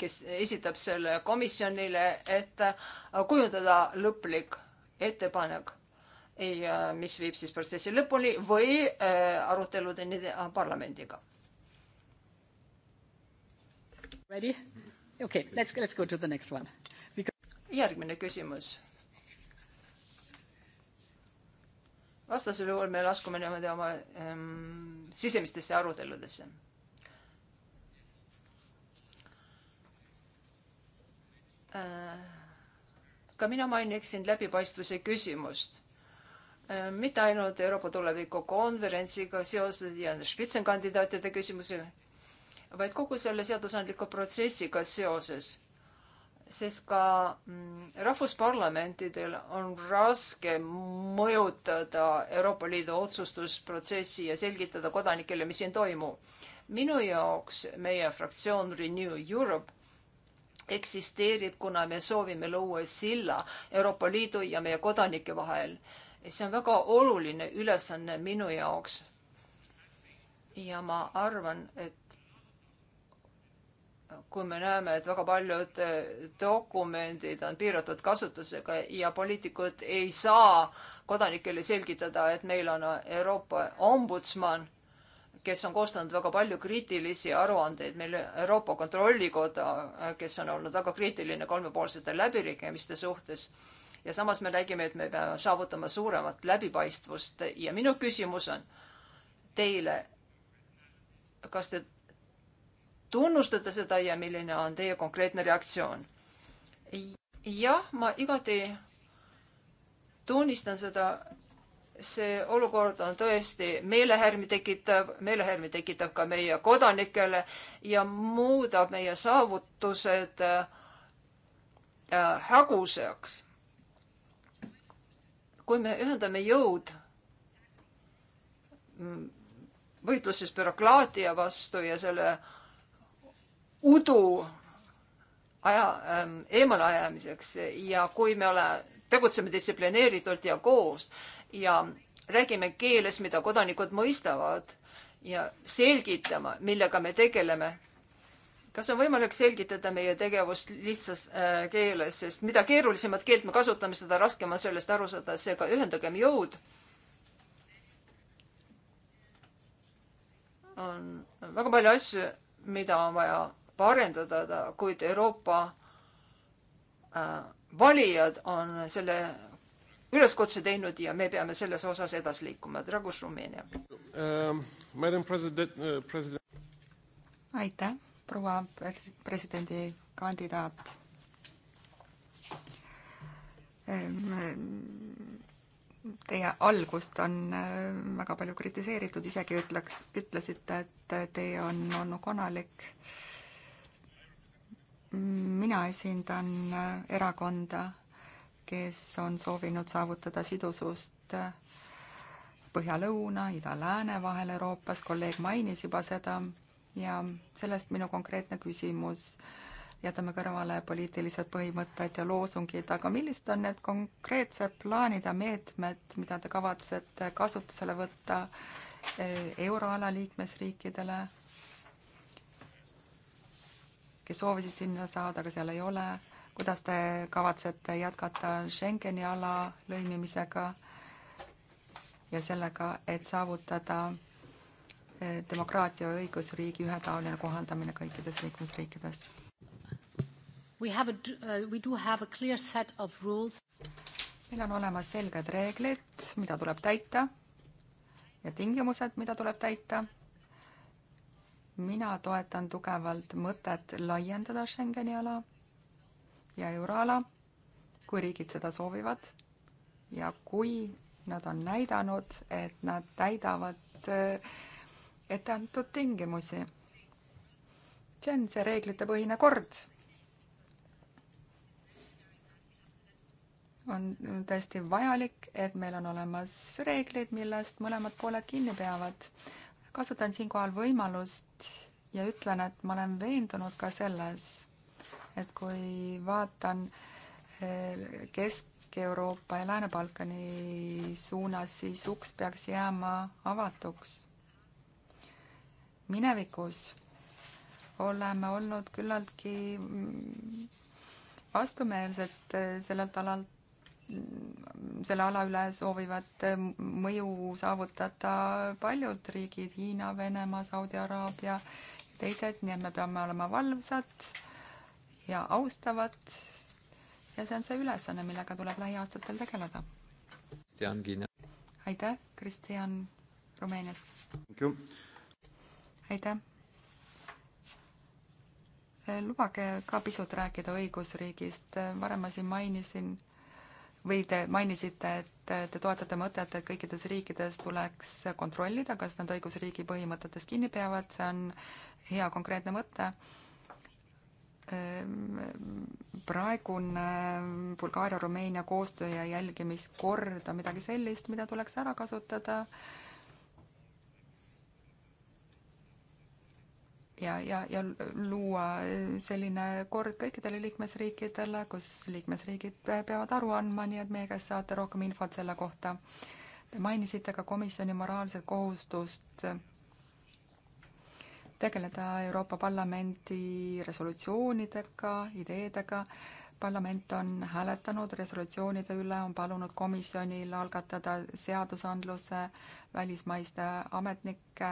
E: kes esitab selle komisjonile, et äh, kujundada lõplik ettepanek ja äh, mis viib siis protsessi lõpuni või äh, aruteludeni äh, parlamendiga.
D: Ready? Okay, let's, let's go to the next one Because....
E: järgmine küsimus. vastasel juhul me laskume niimoodi oma ähm, sisemistesse aruteludesse äh,. ka mina mainiksin läbipaistvuse küsimust Äh, mitte ainult Euroopa tuleviku konverentsiga seoses ja spitsenkandidaatide küsimusega, vaid kogu selle seadusandliku protsessiga seoses. sest ka mm, rahvusparlamentidel on raske mõjutada Euroopa Liidu otsustusprotsessi ja selgitada kodanikele, mis siin toimub. minu jaoks meie fraktsioon Renew Europe eksisteerib, kuna me soovime luua silla Euroopa Liidu ja meie kodanike vahel see on väga oluline ülesanne minu jaoks. ja ma arvan, et kui me näeme, et väga paljud eh, dokumendid on piiratud kasutusega ja poliitikud ei saa kodanikele selgitada, et meil on Euroopa ombudsman, kes on koostanud väga palju kriitilisi aruandeid, meil Euroopa Kontrollikoda, eh, kes on olnud väga kriitiline kolmepoolsete läbirääkimiste suhtes ja samas me räägime, et me peame saavutama suuremat läbipaistvust ja minu küsimus on teile, kas te tunnustate seda ja milline on teie konkreetne reaktsioon? jah, ma igati tunnistan seda, see olukord on tõesti meelehärmi tekitav, meelehärmi tekitab ka meie kodanikele ja muudab meie saavutused äh, äh häguseks kui me ühendame jõud võitluses bürokraatia vastu ja selle udu aja ähm,, eemale ajamiseks ja kui me ole, tegutseme distsiplineeritult ja koos ja räägime keeles, mida kodanikud mõistavad ja selgitama, millega me tegeleme kas on võimalik selgitada meie tegevust lihtsas äh, keeles, sest mida keerulisemat keelt me kasutame, seda raskem on sellest aru saada, seega ühendagem jõud. on väga palju asju, mida on vaja parendada, kuid Euroopa äh, valijad on selle üleskutse teinud ja me peame selles osas edasi liikuma. Dragus Rumeenia
F: uh,. Madam president uh,, president.
C: aitäh proua presidendikandidaat. Ehm, teie algust on ehm, väga palju kritiseeritud, isegi ütleks, ütlesite, et teie on olnud konalik. mina esindan ehm, erakonda, kes on soovinud saavutada sidusust põhja-lõuna, ida-lääne vahel Euroopas, kolleeg mainis juba seda ja sellest minu konkreetne küsimus. jätame kõrvale poliitilised põhimõtted ja loosungid, aga millised on need konkreetsed plaanid ja meetmed, mida te kavatsete kasutusele võtta e, euroala liikmesriikidele, kes soovisid sinna saada, aga seal ei ole, kuidas te kavatsete jätkata Schengeni ala lõimimisega ja sellega, et saavutada demokraatia ja õigusriigi ühetaoline kohandamine kõikides liikmesriikides.
D: We have a, uh, we do have a
C: clear set of rules. meil on olemas selged reeglid, mida tuleb täita ja tingimused, mida tuleb täita. mina toetan tugevalt mõtet laiendada Schengeni ala ja euroala, kui riigid seda soovivad. ja kui nad on näidanud, et nad täidavad äh, ette antud tingimusi. see on see reeglitepõhine kord. on täiesti vajalik, et meil on olemas reeglid, millest mõlemad pooled kinni peavad. kasutan siinkohal võimalust ja ütlen, et ma olen veendunud ka selles, et kui vaatan eh, Kesk-Euroopa ja Lääne-Balkani suunas, siis uks peaks jääma avatuks minevikus oleme olnud küllaltki vastumeelsed eh, sellelt alalt, selle ala üle soovivad eh, mõju saavutada paljud riigid, Hiina, Venemaa, Saudi Araabia ja teised, nii et me peame olema valvsad ja austavad. ja see on see ülesanne, millega tuleb lähiaastatel tegeleda. aitäh, Kristjan Rumeeniast! aitäh! Äh, lubage ka pisut rääkida õigusriigist. Äh, varem ma siin mainisin või te mainisite, et äh, te toetate mõtet, et kõikides riikides tuleks kontrollida, kas nad õigusriigi põhimõtetest kinni peavad, see on hea konkreetne mõte. praegune Bulgaaria-Rumeenia koostöö ja jälgimiskord on midagi sellist, mida tuleks ära kasutada ja, ja, ja luua selline kord kõikidele liikmesriikidele, kus liikmesriigid peavad aru andma, nii et meie käest saate rohkem infot selle kohta. Te mainisite ka komisjoni moraalset kohustust tegeleda Euroopa Parlamendi resolutsioonidega, ideedega parlament on hääletanud resolutsioonide üle, on palunud komisjonil algatada seadusandluse välismaiste ametnike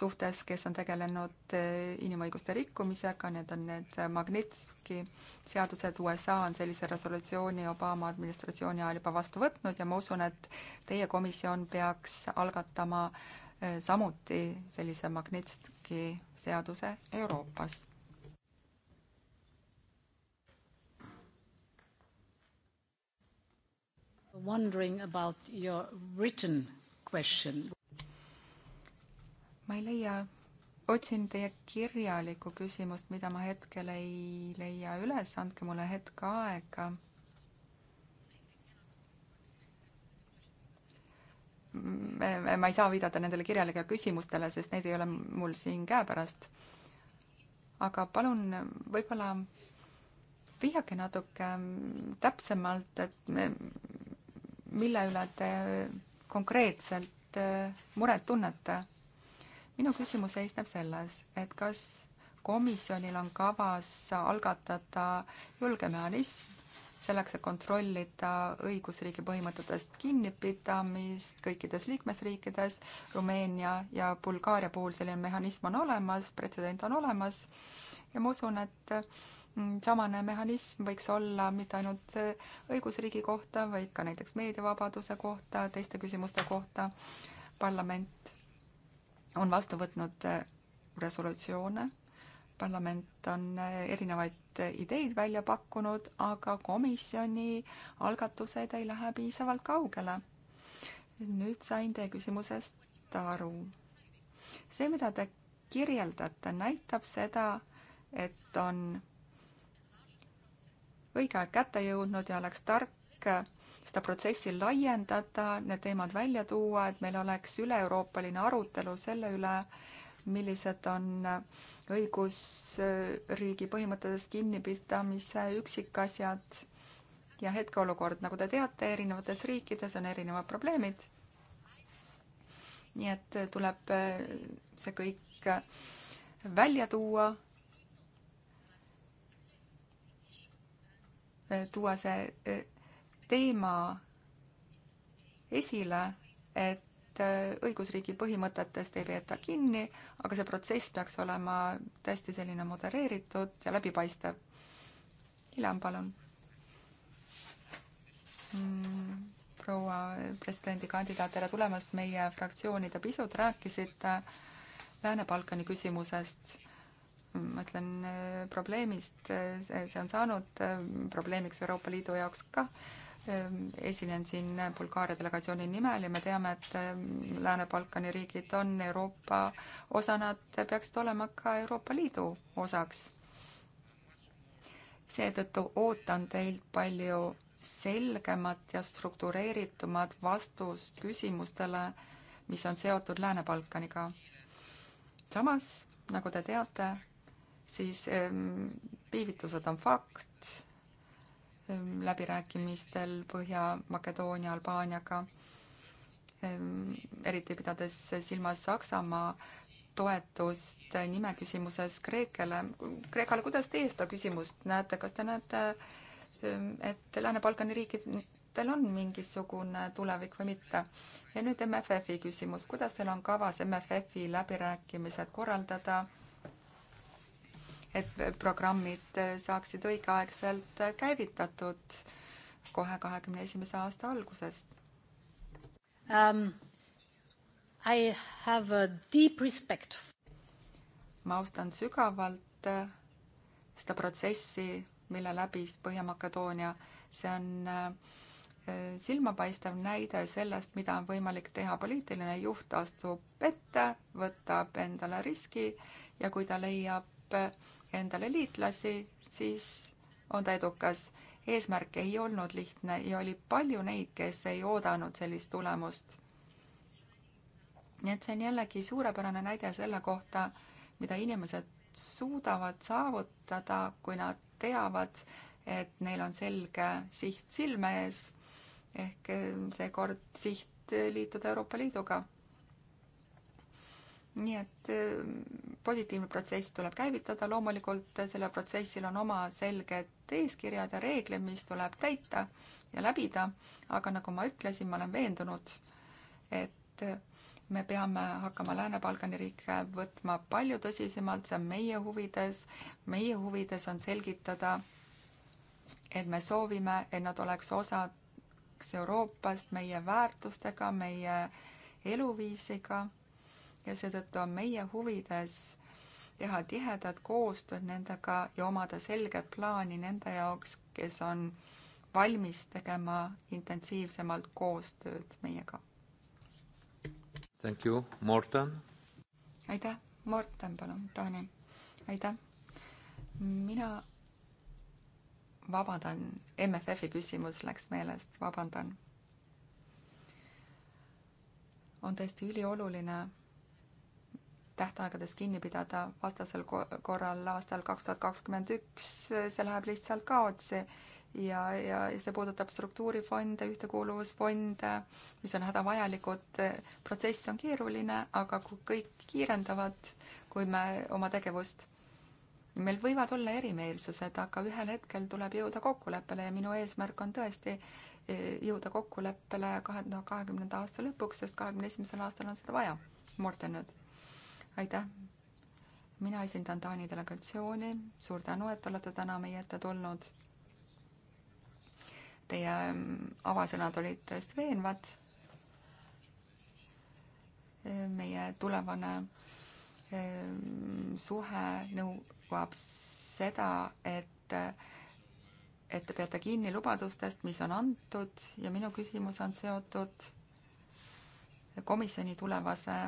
C: suhtes, kes on tegelenud eh, inimõiguste rikkumisega, need on need Magnitski seadused, USA on sellise resolutsiooni Obama administratsiooni ajal juba vastu võtnud ja ma usun, et teie komisjon peaks algatama eh, samuti sellise Magnitski seaduse Euroopas
D: Wondering about your written question.
C: ma ei leia, otsin teie kirjalikku küsimust, mida ma hetkel ei leia üles, andke mulle hetk aega. ma ei saa viidata nendele kirjalikele küsimustele, sest neid ei ole mul siin käepärast. aga palun võib-olla vihjake natuke täpsemalt, et mille üle te konkreetselt äh, muret tunnete? minu küsimus seisneb selles, et kas komisjonil on kavas algatada julge mehhanism selleks, et kontrollida õigusriigi põhimõtetest kinnipidamist kõikides liikmesriikides. Rumeenia ja Bulgaaria puhul selline mehhanism on olemas, pretsedent on olemas ja ma usun, et Mm, samane mehhanism võiks olla mitte ainult äh, õigusriigi kohta, vaid ka näiteks meediavabaduse kohta, teiste küsimuste kohta. parlament on vastu võtnud äh, resolutsioone, parlament on äh, erinevaid ideid välja pakkunud, aga komisjoni algatused ei lähe piisavalt kaugele. nüüd sain teie küsimusest aru. see, mida te kirjeldate, näitab seda, et on õige aeg kätte jõudnud ja oleks tark seda protsessi laiendada, need teemad välja tuua, et meil oleks üle-euroopaline arutelu selle üle, millised on õigusriigi põhimõtetest kinnipidamise üksikasjad ja hetkeolukord. nagu te teate, erinevates riikides on erinevad probleemid. nii et tuleb see kõik välja tuua tuua see eh, teema esile, et eh, õigusriigi põhimõtetest ei peeta kinni, aga see protsess peaks olema täiesti selline modereeritud ja läbipaistev. hiljem, palun. Mm, proua presidendikandidaat, tere tulemast meie fraktsiooni, te pisut rääkisite Lääne-Balkani küsimusest ma ütlen äh, probleemist, äh, see on saanud äh, probleemiks Euroopa Liidu jaoks ka. Ähm, esinen siin Bulgaaria delegatsiooni nimel ja me teame, et ähm, Lääne-Balkani riigid on Euroopa osa, nad peaksid olema ka Euroopa Liidu osaks. seetõttu ootan teilt palju selgemat ja struktureeritumat vastust küsimustele, mis on seotud Lääne-Balkaniga. samas, nagu te teate, siis ehm, viivitused on fakt ehm, läbirääkimistel Põhja-Makedoonia, Albaaniaga, ehm, eriti pidades silmas Saksamaa toetust nime küsimuses Kreekale. Kreekale, kuidas teie seda küsimust näete, kas te näete, et Lääne-Balkani riikidel on mingisugune tulevik või mitte? ja nüüd MFF-i küsimus, kuidas teil on kavas MFF-i läbirääkimised korraldada? et programmid saaksid õigeaegselt käivitatud kohe kahekümne esimese aasta algusest um,? I have a deep respect. ma austan sügavalt seda protsessi, mille läbis Põhja-Makedoonia, see on äh, silmapaistev näide sellest, mida on võimalik teha. poliitiline juht astub ette, võtab endale riski ja kui ta leiab äh, endale liitlasi, siis on ta edukas. eesmärk ei olnud lihtne ja oli palju neid, kes ei oodanud sellist tulemust. nii et see on jällegi suurepärane näide selle kohta, mida inimesed suudavad saavutada, kui nad teavad, et neil on selge siht silme ees ehk eh, seekord siht liituda Euroopa Liiduga. nii et eh, positiivne protsess tuleb käivitada, loomulikult äh, sellel protsessil on oma selged eeskirjad ja reeglid, mis tuleb täita ja läbida, aga nagu ma ütlesin, ma olen veendunud, et äh, me peame hakkama Lääne-Balkani riike võtma palju tõsisemalt, see on meie huvides. meie huvides on selgitada, et me soovime, et nad oleks osaks Euroopast meie väärtustega, meie eluviisiga ja seetõttu on meie huvides teha tihedat koostööd nendega ja omada selget plaani nende jaoks, kes on valmis tegema intensiivsemalt koostööd meiega.
A: Thank you, Morten.
C: aitäh, Morten, palun, Taani. aitäh. mina vabandan, MFF-i küsimus läks meelest, vabandan. on tõesti ülioluline tähtaegadest kinni pidada, vastasel korral aastal kaks tuhat kakskümmend üks see läheb lihtsalt kaotsi ja, ja see puudutab struktuurifonde, ühtekuuluvusfonde, mis on hädavajalikud. protsess on keeruline, aga kui kõik kiirendavad, kui me oma tegevust meil võivad olla erimeelsused, aga ühel hetkel tuleb jõuda kokkuleppele ja minu eesmärk on tõesti e, jõuda kokkuleppele kahe tuhande kahekümnenda aasta lõpuks, sest kahekümne esimesel aastal on seda vaja. Morten nüüd aitäh! mina esindan Taani delegatsiooni, suur tänu, et olete täna meie ette tulnud. Teie mm, avasõnad olid tõesti veenvad. meie tulevane mm, suhe nõuab seda, et, et te peate kinni lubadustest, mis on antud ja minu küsimus on seotud komisjoni tulevase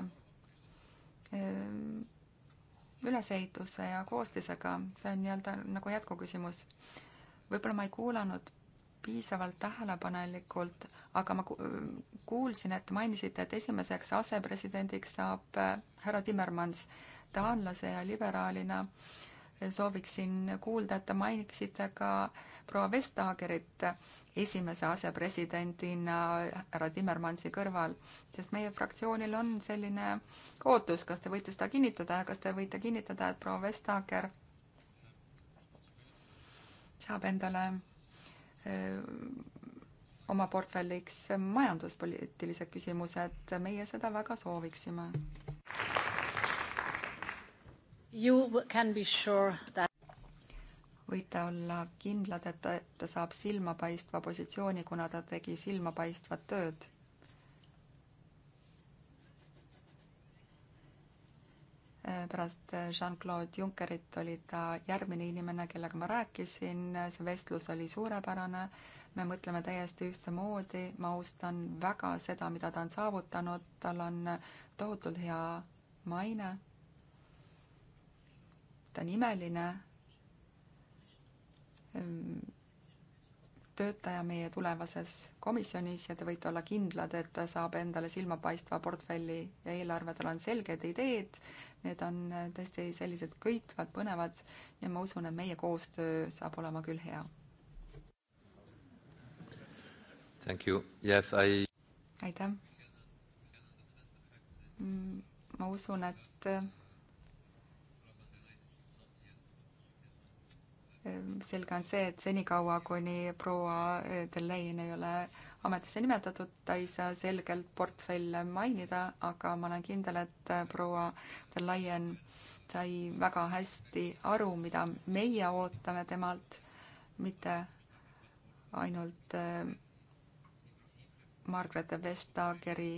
C: Ehm, ülesehituse ja koostisega, see on nii-öelda nagu jätkuküsimus. võib-olla ma ei kuulanud piisavalt tähelepanelikult, aga ma kuulsin, et mainisite, et esimeseks asepresidendiks saab äh, härra Timmermans. taanlase ja liberaalina sooviksin kuulda, et te mainisite ka äh, proua Vestagerit esimese asepresidendina härra Timmermansi kõrval, sest meie fraktsioonil on selline ootus, kas te võite seda kinnitada ja kas te võite kinnitada, et proua Vestager saab endale öö, oma portfelliks majanduspoliitilised küsimused, meie seda väga sooviksime. You can be sure that võite olla kindlad, et ta saab silmapaistva positsiooni, kuna ta tegi silmapaistvat tööd. pärast Jean-Claude Junckerit oli ta järgmine inimene, kellega ma rääkisin, see vestlus oli suurepärane, me mõtleme täiesti ühtemoodi, ma austan väga seda, mida ta on saavutanud, tal on tohutult hea maine, ta on imeline töötaja meie tulevases komisjonis ja te võite olla kindlad, et ta saab endale silmapaistva portfelli ja eelarve, tal on selged ideed, need on tõesti sellised köitvad, põnevad ja ma usun, et meie koostöö saab olema küll hea.
A: Thank you, yes I.
C: aitäh. Mm, ma usun, et selge on see, et senikaua, kuni proua eh, del Leyen ei ole ametisse nimetatud, ta ei saa selgelt portfelle mainida, aga ma olen kindel, et eh, proua del Leyen sai väga hästi aru, mida meie ootame temalt, mitte ainult eh, Margaret Vestageri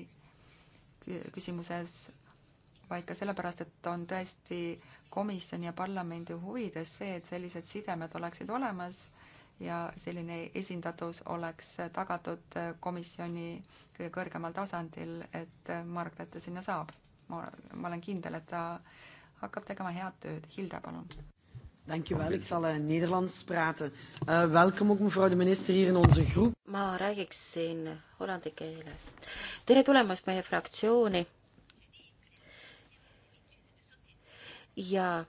C: küsimuses vaid ka sellepärast, et on tõesti komisjoni ja parlamendi huvides see, et sellised sidemed oleksid olemas ja selline esindatus oleks tagatud komisjoni kõige kõrgemal tasandil, et Margrethe sinna saab. ma, ma olen kindel, et ta hakkab tegema head tööd. Hilda, palun. Dankjewel, ik zal in eh, Nederlands praten. Uh, welkom ook mevrouw de minister hier in
B: onze groep. ma räägiksin hollandi keeles. tere tulemast meie fraktsiooni ja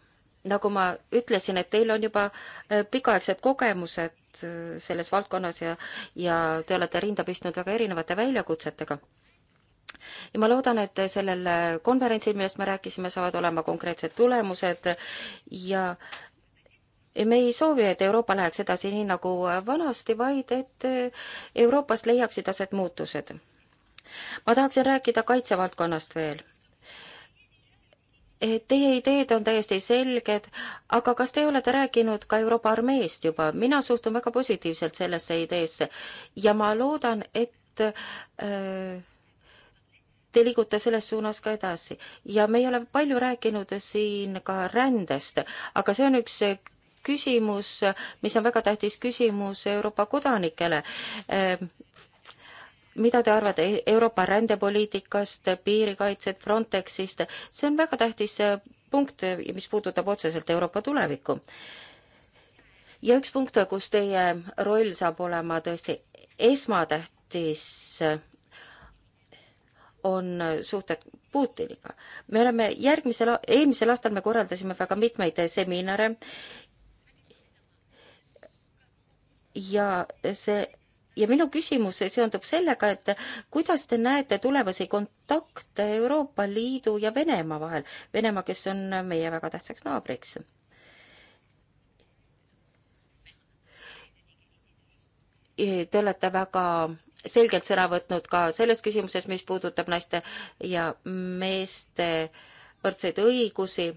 B: nagu ma ütlesin, et teil on juba äh, pikaaegsed kogemused äh, selles valdkonnas ja, ja te olete rinda pistnud väga erinevate väljakutsetega. ja ma loodan, et sellel äh, konverentsil, millest me rääkisime, saavad olema konkreetsed tulemused ja me ei soovi, et Euroopa läheks edasi nii nagu vanasti, vaid et Euroopas leiaksid aset muutused. ma tahaksin rääkida kaitsevaldkonnast veel Teie ideed on täiesti selged, aga kas te olete rääkinud ka Euroopa armeest juba? mina suhtun väga positiivselt sellesse ideesse ja ma loodan, et öö, äh, te liigute selles suunas ka edasi ja me ei ole palju rääkinud siin ka rändest, aga see on üks küsimus, mis on väga tähtis küsimus Euroopa kodanikele. Äh, mida te arvate e-, Euroopa rändepoliitikast, piirikaitset, Frontexist, see on väga tähtis äh, punkt, mis puudutab otseselt Euroopa tulevikku. ja üks punkt, kus teie roll saab olema tõesti esmatähtis, on suhted Putiniga. me oleme järgmisel, eelmisel aastal me korraldasime väga mitmeid seminare ja see ja minu küsimus seondub sellega, et kuidas te näete tulevasi kontakte Euroopa Liidu ja Venemaa vahel, Venemaa, kes on meie väga tähtsaks naabriks? Te olete väga selgelt sõna võtnud ka selles küsimuses, mis puudutab naiste ja meeste võrdseid õigusi.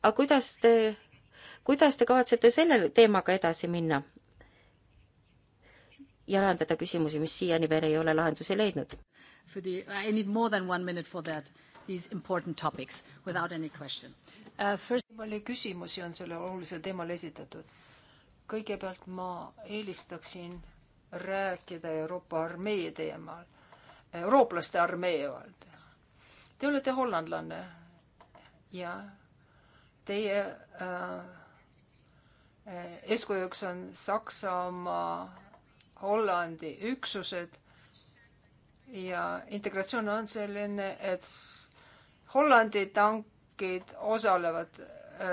B: aga kuidas te, kuidas te kavatsete selle teemaga edasi minna? ja lahendada küsimusi, mis siiani veel ei ole lahenduse leidnud.
D: I need more than one minute for that, these important topics without any question uh,. First... palju
E: küsimusi on sellel olulisel teemal esitatud? kõigepealt ma eelistaksin rääkida Euroopa armee teemal, eurooplaste armee vald. Te olete hollandlane ja teie äh, äh eeskujuks on Saksamaa Hollandi üksused ja integratsioon on selline, et Hollandi tankid osalevad äh,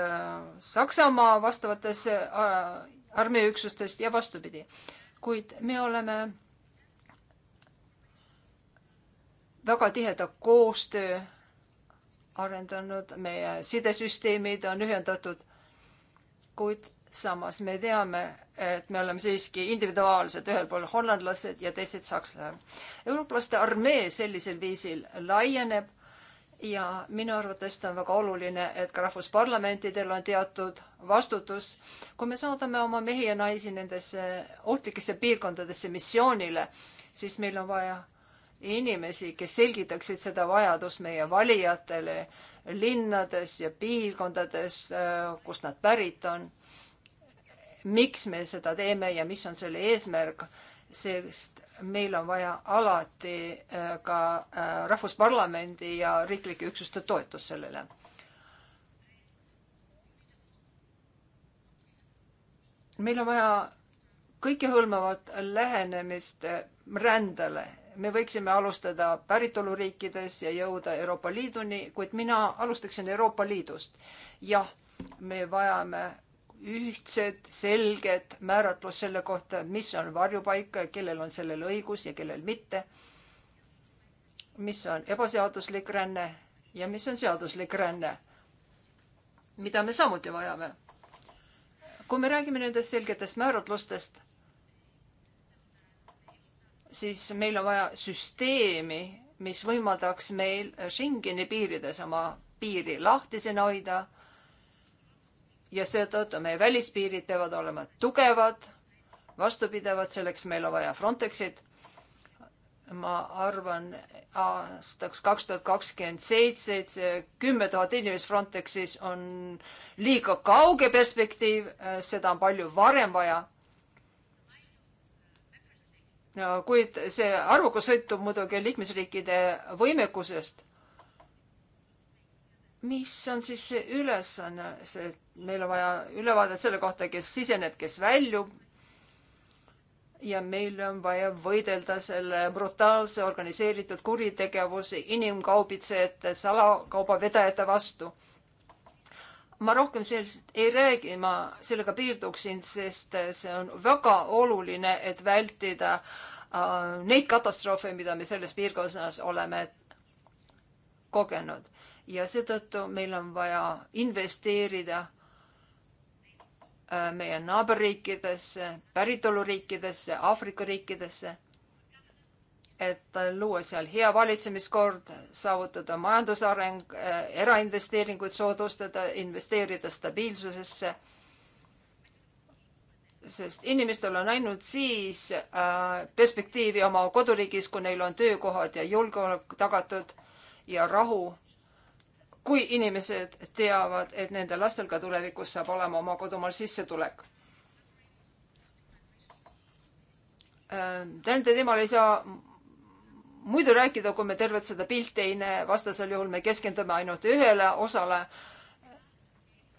E: Saksamaa vastavates äh, armeeüksustest ja vastupidi. kuid me oleme väga tiheda koostöö arendanud, meie sidesüsteemid on ühendatud, kuid samas me teame, et me oleme siiski individuaalsed, ühel pool hollandlased ja teised sakslased. eurooplaste armee sellisel viisil laieneb ja minu arvates on väga oluline, et ka rahvusparlamentidel on teatud vastutus. kui me saadame oma mehi ja naisi nendesse ohtlikesse piirkondadesse missioonile, siis meil on vaja inimesi, kes selgitaksid seda vajadust meie valijatele linnades ja piirkondades, eh, kust nad pärit on miks me seda teeme ja mis on selle eesmärk, sest meil on vaja alati äh, ka äh, Rahvusparlamendi ja riiklike üksuste toetus sellele. meil on vaja kõikehõlmavat lähenemist rändele. me võiksime alustada päritoluriikides ja jõuda Euroopa Liiduni, kuid mina alustaksin Euroopa Liidust. jah, me vajame ühtset, selget määratlust selle kohta, mis on varjupaik, kellel on sellel õigus ja kellel mitte. mis on ebaseaduslik ränne ja mis on seaduslik ränne, mida me samuti vajame. kui me räägime nendest selgetest määratlustest, siis meil on vaja süsteemi, mis võimaldaks meil Schengeni piirides oma piiri lahtisena hoida ja seetõttu meie välispiirid peavad olema tugevad, vastupidavad, selleks meil on vaja Frontexit. ma arvan, aastaks kaks tuhat kakskümmend seitse, et see kümme tuhat inimest Frontexis on liiga kauge perspektiiv, seda on palju varem vaja no,. kuid see arvukus sõltub muidugi liikmesriikide võimekusest mis on siis see ülesanne, see, meil on vaja ülevaadet selle kohta, kes siseneb, kes väljub. ja meil on vaja võidelda selle brutaalse organiseeritud kuritegevuse, inimkaubitsejate, salakaubavedajate vastu. ma rohkem sellest ei räägi, ma sellega piirduksin, sest see on väga oluline, et vältida äh, neid katastroofe, mida me selles piirkonnas oleme kogenud ja seetõttu meil on vaja investeerida äh, meie naaberriikidesse, päritoluriikidesse, Aafrika riikidesse, et äh, luua seal hea valitsemiskord, saavutada majandusareng, äh, erainvesteeringuid soodustada, investeerida stabiilsusesse. sest inimestel on ainult siis perspektiivi oma koduriigis, kui neil on töökohad ja julgeolek tagatud ja rahu kui inimesed teavad, et nende lastel ka tulevikus saab olema oma kodumaal sissetulek. Nende ähm, teemal ei saa muidu rääkida, kui me tervet seda pilti ei näe, vastasel juhul me keskendume ainult ühele osale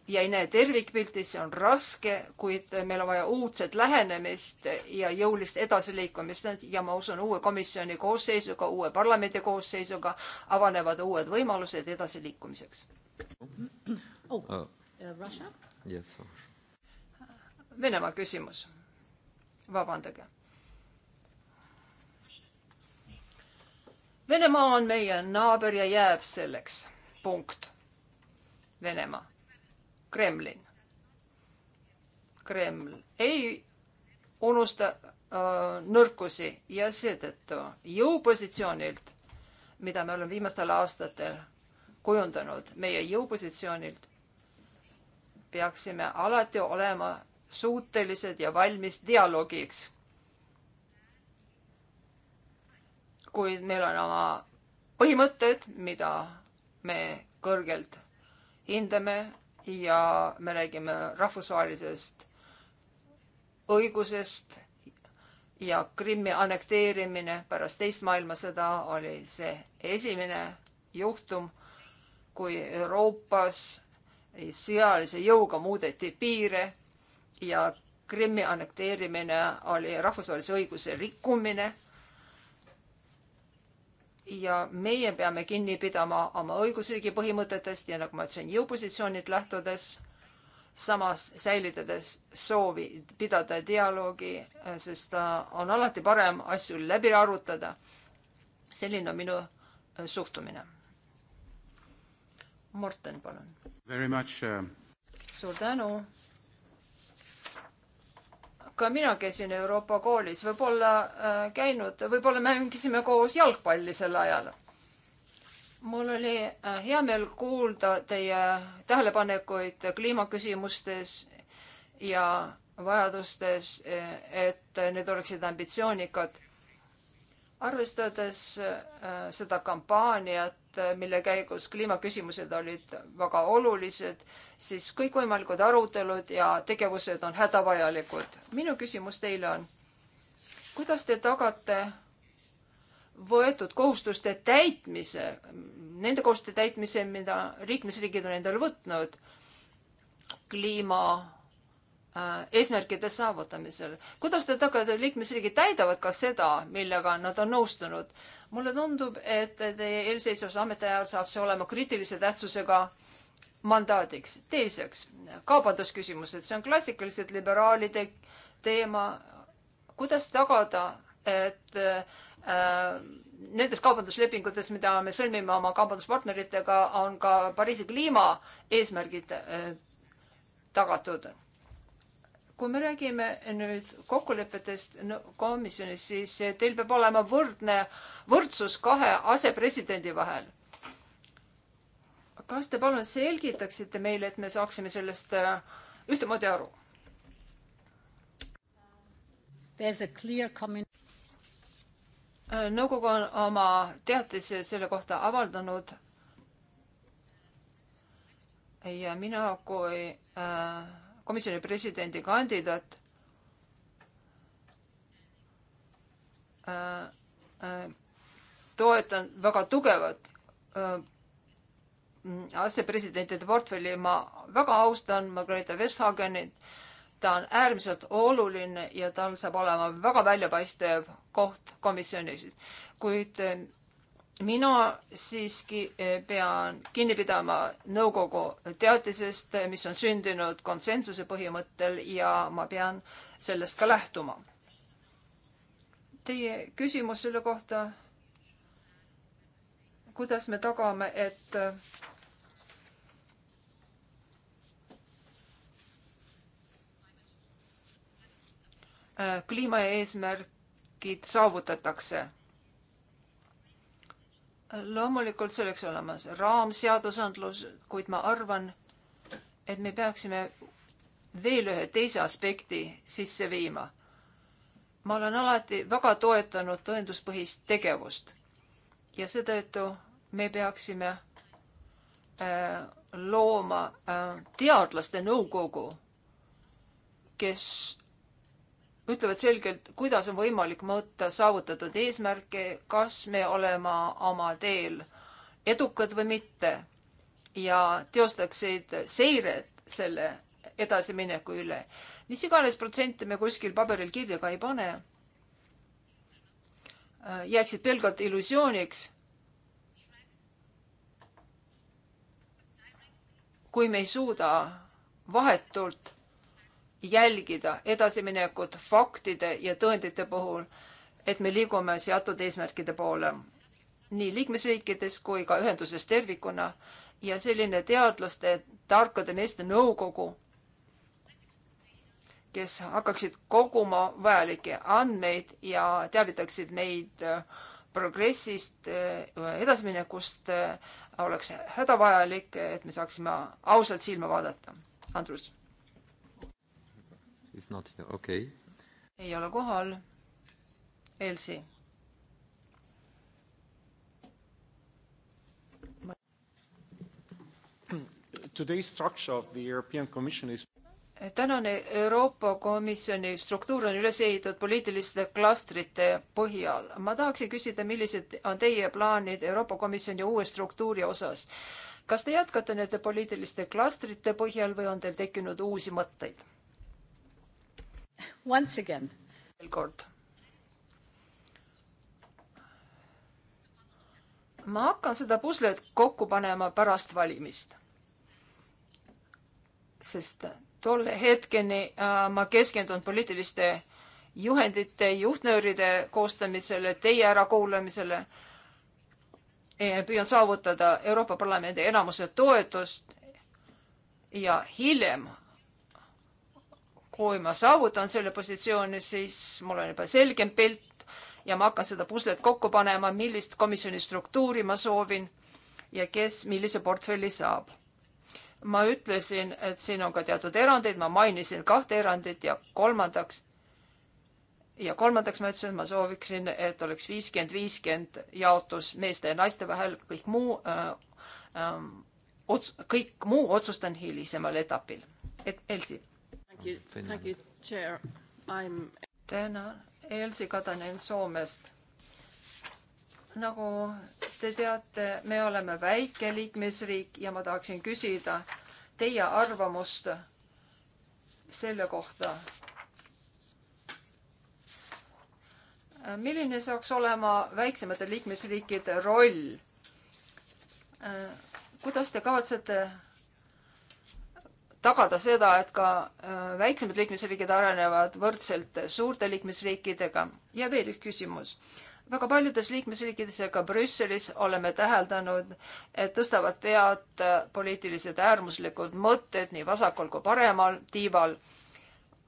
E: ja ei näe tervikpilti, see on raske, kuid meil on vaja uudset lähenemist ja jõulist edasiliikumist ja ma usun, uue komisjoni koosseisuga, uue parlamendi koosseisuga avanevad uued võimalused edasiliikumiseks oh.. oh. Uh, Venemaa küsimus. vabandage. Venemaa on meie naaber ja jääb selleks. punkt. Venemaa Kremlin. Kreml ei unusta äh, nõrkusi ja seetõttu jõupositsioonilt, mida me oleme viimastel aastatel kujundanud, meie jõupositsioonilt peaksime alati olema suutelised ja valmis dialoogiks. kuid meil on oma põhimõtted, mida me kõrgelt hindame ja me räägime rahvusvahelisest õigusest ja Krimmi annekteerimine pärast teist maailmasõda oli see esimene juhtum, kui Euroopas sõjalise jõuga muudeti piire ja Krimmi annekteerimine oli rahvusvahelise õiguse rikkumine ja meie peame kinni pidama oma õigusriigi põhimõtetest ja nagu ma ütlesin, jõupositsioonilt lähtudes, samas säilitades soovi pidada dialoogi, sest äh, on alati parem asju läbi arutada. selline on minu äh, suhtumine. Morten, palun.
F: Äh,
E: suur tänu ka mina käisin Euroopa koolis, võib-olla äh, käinud, võib-olla mängisime koos jalgpalli sel ajal. mul oli äh, hea meel kuulda teie tähelepanekuid kliimaküsimustes ja vajadustes, äh, et need oleksid ambitsioonikad. arvestades äh, seda kampaaniat, Äh, mille käigus kliimaküsimused olid väga olulised, siis kõikvõimalikud arutelud ja tegevused on hädavajalikud. minu küsimus teile on, kuidas te tagate võetud kohustuste täitmise, nende kohustuste täitmise, mida liikmesriigid on endale võtnud kliima Äh, eesmärkide saavutamisel. kuidas te tagate, liikmesriigid täidavad ka seda, millega nad on nõustunud? mulle tundub, et teie eelseisvas ametiajal saab see olema kriitilise tähtsusega mandaadiks. teiseks, kaubandusküsimused, see on klassikaliselt liberaalide teema. kuidas tagada, et äh, nendes kaubanduslepingutes, mida me sõlmime oma kaubanduspartneritega, on ka Pariisi kliimaeesmärgid äh, tagatud kui me räägime nüüd kokkulepetest no, komisjonis, siis teil peab olema võrdne, võrdsus kahe asepresidendi vahel. kas te palun selgitaksite meile, et me saaksime sellest äh, ühtemoodi aru? Äh, nõukogu on oma teatise selle kohta avaldanud ja mina kui äh, komisjoni presidendi kandidaat äh, äh, toetan väga tugevat äh, asepresidentide portfelli, ma väga austan Margareeta Vesthagenit, ta on äärmiselt oluline ja tal saab olema väga väljapaistev koht komisjonis, kuid mina siiski eh, pean kinni pidama nõukogu teatisest, eh, mis on sündinud konsensuse põhimõttel ja ma pean sellest ka lähtuma. Teie küsimus selle kohta, kuidas me tagame, et eh, kliimaeesmärgid saavutatakse loomulikult selleks olemas raamseadusandlus, kuid ma arvan, et me peaksime veel ühe teise aspekti sisse viima. ma olen alati väga toetanud tõenduspõhist tegevust ja seetõttu me peaksime äh, looma äh, teadlaste nõukogu, kes ütlevad selgelt, kuidas on võimalik mõõta saavutatud eesmärke, kas me oleme oma teel edukad või mitte ja teostaksid seiret selle edasimineku üle. mis iganes protsente me kuskil paberil kirja ka ei pane, äh, jääksid pelgalt illusiooniks. kui me ei suuda vahetult jälgida edasiminekut faktide ja tõendite puhul, et me liigume seatud eesmärkide poole nii liikmesriikides kui ka ühenduses tervikuna ja selline teadlaste, tarkade meeste nõukogu, kes hakkaksid koguma vajalikke andmeid ja teavitaksid meid äh, progressist, äh, edasiminekust, äh, oleks hädavajalik, et me saaksime ausalt silma vaadata. Andrus
A: is not here, okei okay..
E: ei ole kohal. Elsi.
G: Today's structure of the European Commission is
E: tänane Euroopa Komisjoni struktuur on üles ehitatud poliitiliste klastrite põhjal. ma tahaksin küsida, millised on teie plaanid Euroopa Komisjoni uue struktuuri osas? kas te jätkate nende poliitiliste klastrite põhjal või on teil tekkinud uusi mõtteid? Once again. veel kord. ma hakkan seda puslet kokku panema pärast valimist. sest tolle hetkeni äh, ma keskendun poliitiliste juhendite, juhtnööride koostamisele, teie ärakuulamisele. E, püüan saavutada Euroopa Parlamendi enamuse toetust ja hiljem kui ma saavutan selle positsiooni, siis mul on juba selgem pilt ja ma hakkan seda puslet kokku panema, millist komisjoni struktuuri ma soovin ja kes millise portfelli saab. ma ütlesin, et siin on ka teatud erandeid, ma mainisin kahte erandit ja kolmandaks, ja kolmandaks ma ütlesin, et ma sooviksin, et oleks viiskümmend, viiskümmend jaotus meeste ja naiste vahel, kõik muu äh,, äh, kõik muu otsustan hilisemal etapil. et Elsi you, thank you, chair. I'm... tänan, Elsi Kadanen Soomest. nagu te teate, me oleme väike liikmesriik ja ma tahaksin küsida teie arvamust selle kohta. milline saaks olema väiksemate liikmesriikide roll? kuidas te kavatsete tagada seda, et ka äh, väiksemad liikmesriigid arenevad võrdselt suurte liikmesriikidega. ja veel üks küsimus. väga paljudes liikmesriikides ja ka Brüsselis oleme täheldanud, et tõstavad pead äh, poliitilised äärmuslikud mõtted nii vasakul kui paremal tiival.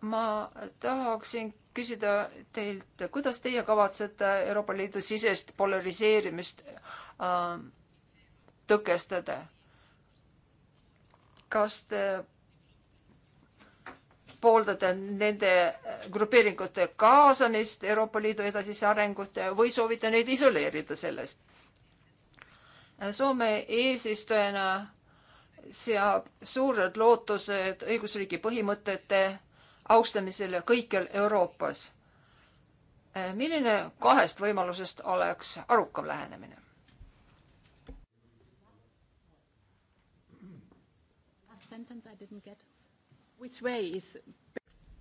E: ma tahaksin küsida teilt, kuidas teie kavatsete Euroopa Liidu sisest polariseerimist äh, tõkestada? kas te pooldate nende grupeeringute kaasamist Euroopa Liidu edasisse arengute või soovite neid isoleerida sellest? Soome eesistujana seab suured lootused õigusriigi põhimõtete austamisele kõikjal Euroopas. milline kahest võimalusest oleks arukam lähenemine?
D: sentence I didn't get.
E: Which way is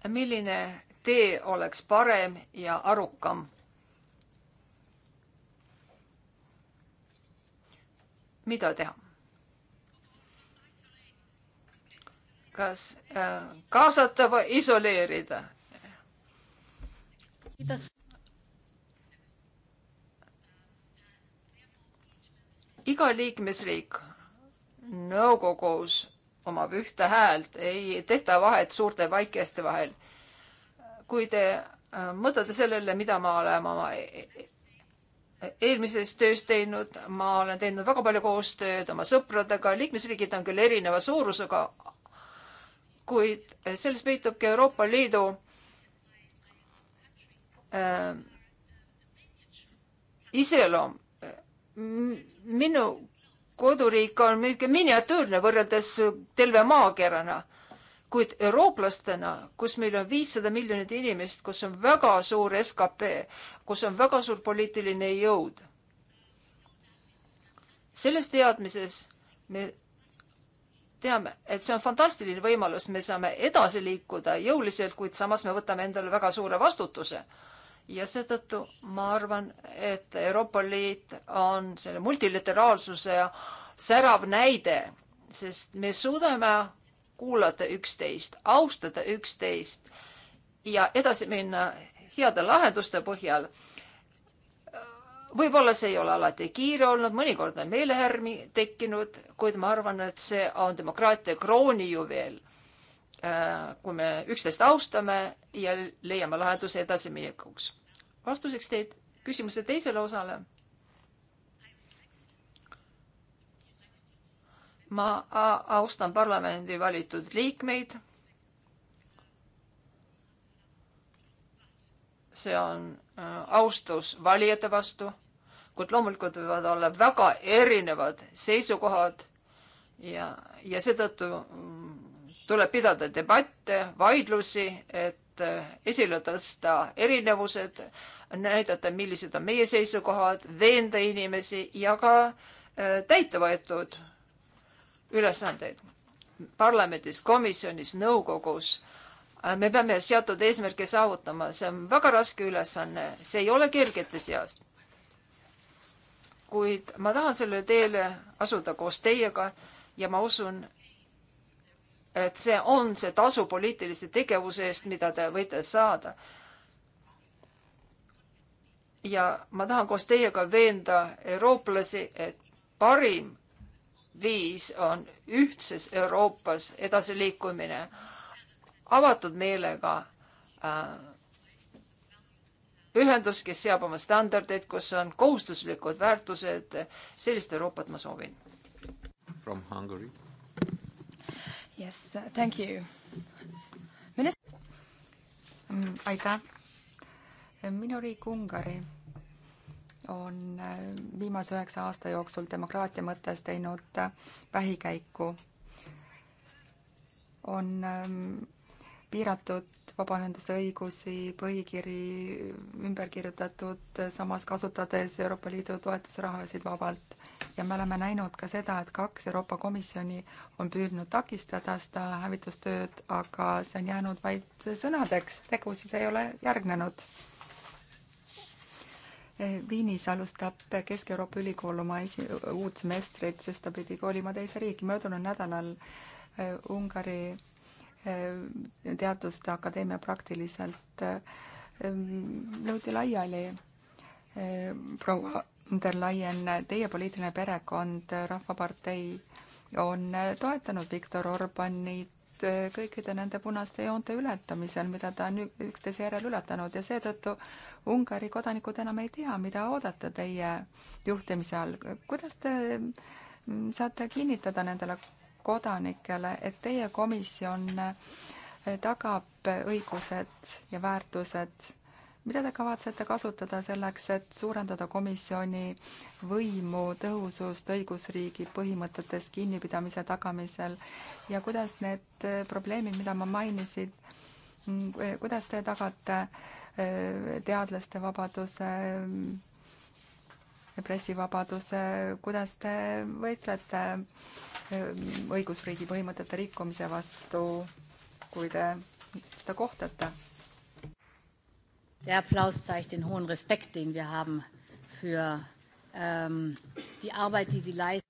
E: milline tee oleks parem ja arukam. mida teha? kas äh, kaasata või isoleerida? iga liikmesriik nõukogus omab ühte häält, ei tehta vahet suurte ja väikeste vahel. kui te äh, mõtlete sellele, mida ma olen oma e-, e-, eelmises töös teinud, ma olen teinud väga palju koostööd oma sõpradega, liikmesriigid on küll erineva suurusega, kuid selles peitubki Euroopa Liidu äh, iseloom. minu koduriik on mingi miniatüürne võrreldes terve maakeraga. kuid eurooplastena, kus meil on viissada miljonit inimest, kus on väga suur skp, kus on väga suur poliitiline jõud. selles teadmises me teame, et see on fantastiline võimalus, me saame edasi liikuda jõuliselt, kuid samas me võtame endale väga suure vastutuse ja seetõttu ma arvan, et Euroopa Liit on selle multilateraalsuse särav näide, sest me suudame kuulata üksteist, austada üksteist ja edasi minna heade lahenduste põhjal. võib-olla see ei ole alati kiire olnud, mõnikord on meelehärmi tekkinud, kuid ma arvan, et see on demokraatia kroonijuveel Äh, kui me üksteist austame ja leiame lahenduse edasiminekuks. vastuseks teid küsimuse teisele osale. ma austan parlamendi valitud liikmeid. see on äh, austus valijate vastu, kuid loomulikult võivad olla väga erinevad seisukohad ja, ja seetõttu tuleb pidada debatte, vaidlusi, et eh, esile tõsta erinevused, näidata, millised on meie seisukohad, veenda inimesi ja ka eh, täita võetud ülesandeid. parlamendis, komisjonis, nõukogus eh, me peame seatud eesmärke saavutama, see on väga raske ülesanne, see ei ole kergete seast. kuid ma tahan sellele teele asuda koos teiega ja ma usun, et see on see tasu poliitilise tegevuse eest, mida te võite saada. ja ma tahan koos teiega veenda eurooplasi, et parim viis on ühtses Euroopas edasiliikumine avatud meelega äh, ühendus, kes seab oma standardeid, kus on kohustuslikud väärtused, sellist Euroopat ma soovin.
A: From Hungary
H: Yes, thank you.
C: Minist- mm, aitäh. minu riik Ungari on äh, viimase üheksa aasta jooksul demokraatia mõttes teinud äh, vähikäiku. on ähm, piiratud vabaühenduste õigusi, põhikiri ümber kirjutatud, samas kasutades Euroopa Liidu toetusrahasid vabalt ja me oleme näinud ka seda, et kaks Euroopa Komisjoni on püüdnud takistada seda hävitustööd, aga see on jäänud vaid sõnadeks, tegusid ei ole järgnenud. Viinis alustab Kesk-Euroopa Ülikool oma esi-, uut semestrit, sest ta pidi kolima teise riiki. möödunud nädalal äh, Ungari äh, Teaduste Akadeemia praktiliselt äh, nõuti laiali proua der Leyen, teie poliitiline perekond, Rahvapartei, on toetanud Viktor Orbanit kõikide nende punaste joonte ületamisel, mida ta on üksteise järel ületanud ja seetõttu Ungari kodanikud enam ei tea, mida oodata teie juhtimise all. kuidas te saate kinnitada nendele kodanikele, et teie komisjon tagab õigused ja väärtused mida te kavatsete kasutada selleks, et suurendada komisjoni võimu tõhusust õigusriigi põhimõtetest kinnipidamise tagamisel ja kuidas need probleemid, mida ma mainisin, kuidas te tagate äh, teadlaste vabaduse, äh, pressivabaduse, kuidas te võitlete äh, õigusriigi põhimõtete rikkumise vastu, kui te seda kohtate?
D: Der Applaus zeigt den hohen Respekt, den wir haben für ähm, die Arbeit, die Sie leisten.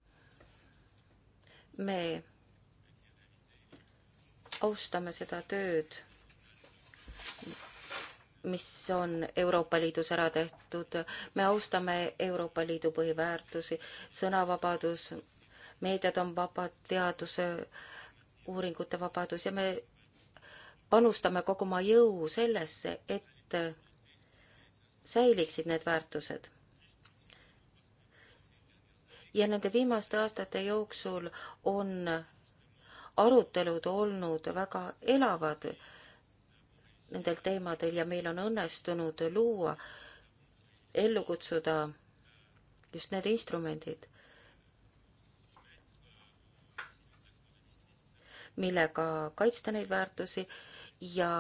D: me austame
B: seda tööd, mis on Euroopa Liidus ära tehtud. me austame Euroopa Liidu põhiväärtusi, sõnavabadus, meediad on vabad, teaduse, uuringute vabadus ja me panustame kogu oma jõu sellesse, et säiliksid need väärtused. ja nende viimaste aastate jooksul on arutelud olnud väga elavad nendel teemadel ja meil on õnnestunud luua, ellu kutsuda just need instrumendid, millega kaitsta neid väärtusi ja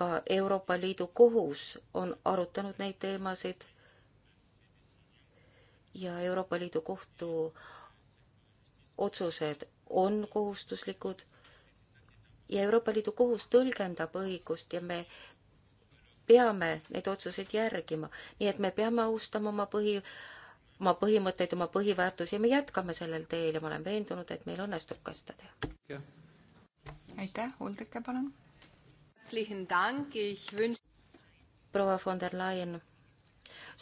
B: ka Euroopa Liidu kohus on arutanud neid teemasid ja Euroopa Liidu kohtu otsused on kohustuslikud ja Euroopa Liidu kohus tõlgendab õigust ja me peame neid otsuseid järgima, nii et me peame austama oma põhi, oma põhimõtteid, oma põhiväärtusi ja me jätkame sellel teel ja ma olen veendunud, et meil õnnestub ka seda teha. aitäh,
C: Ulrike, palun
B: proua von der Leyen,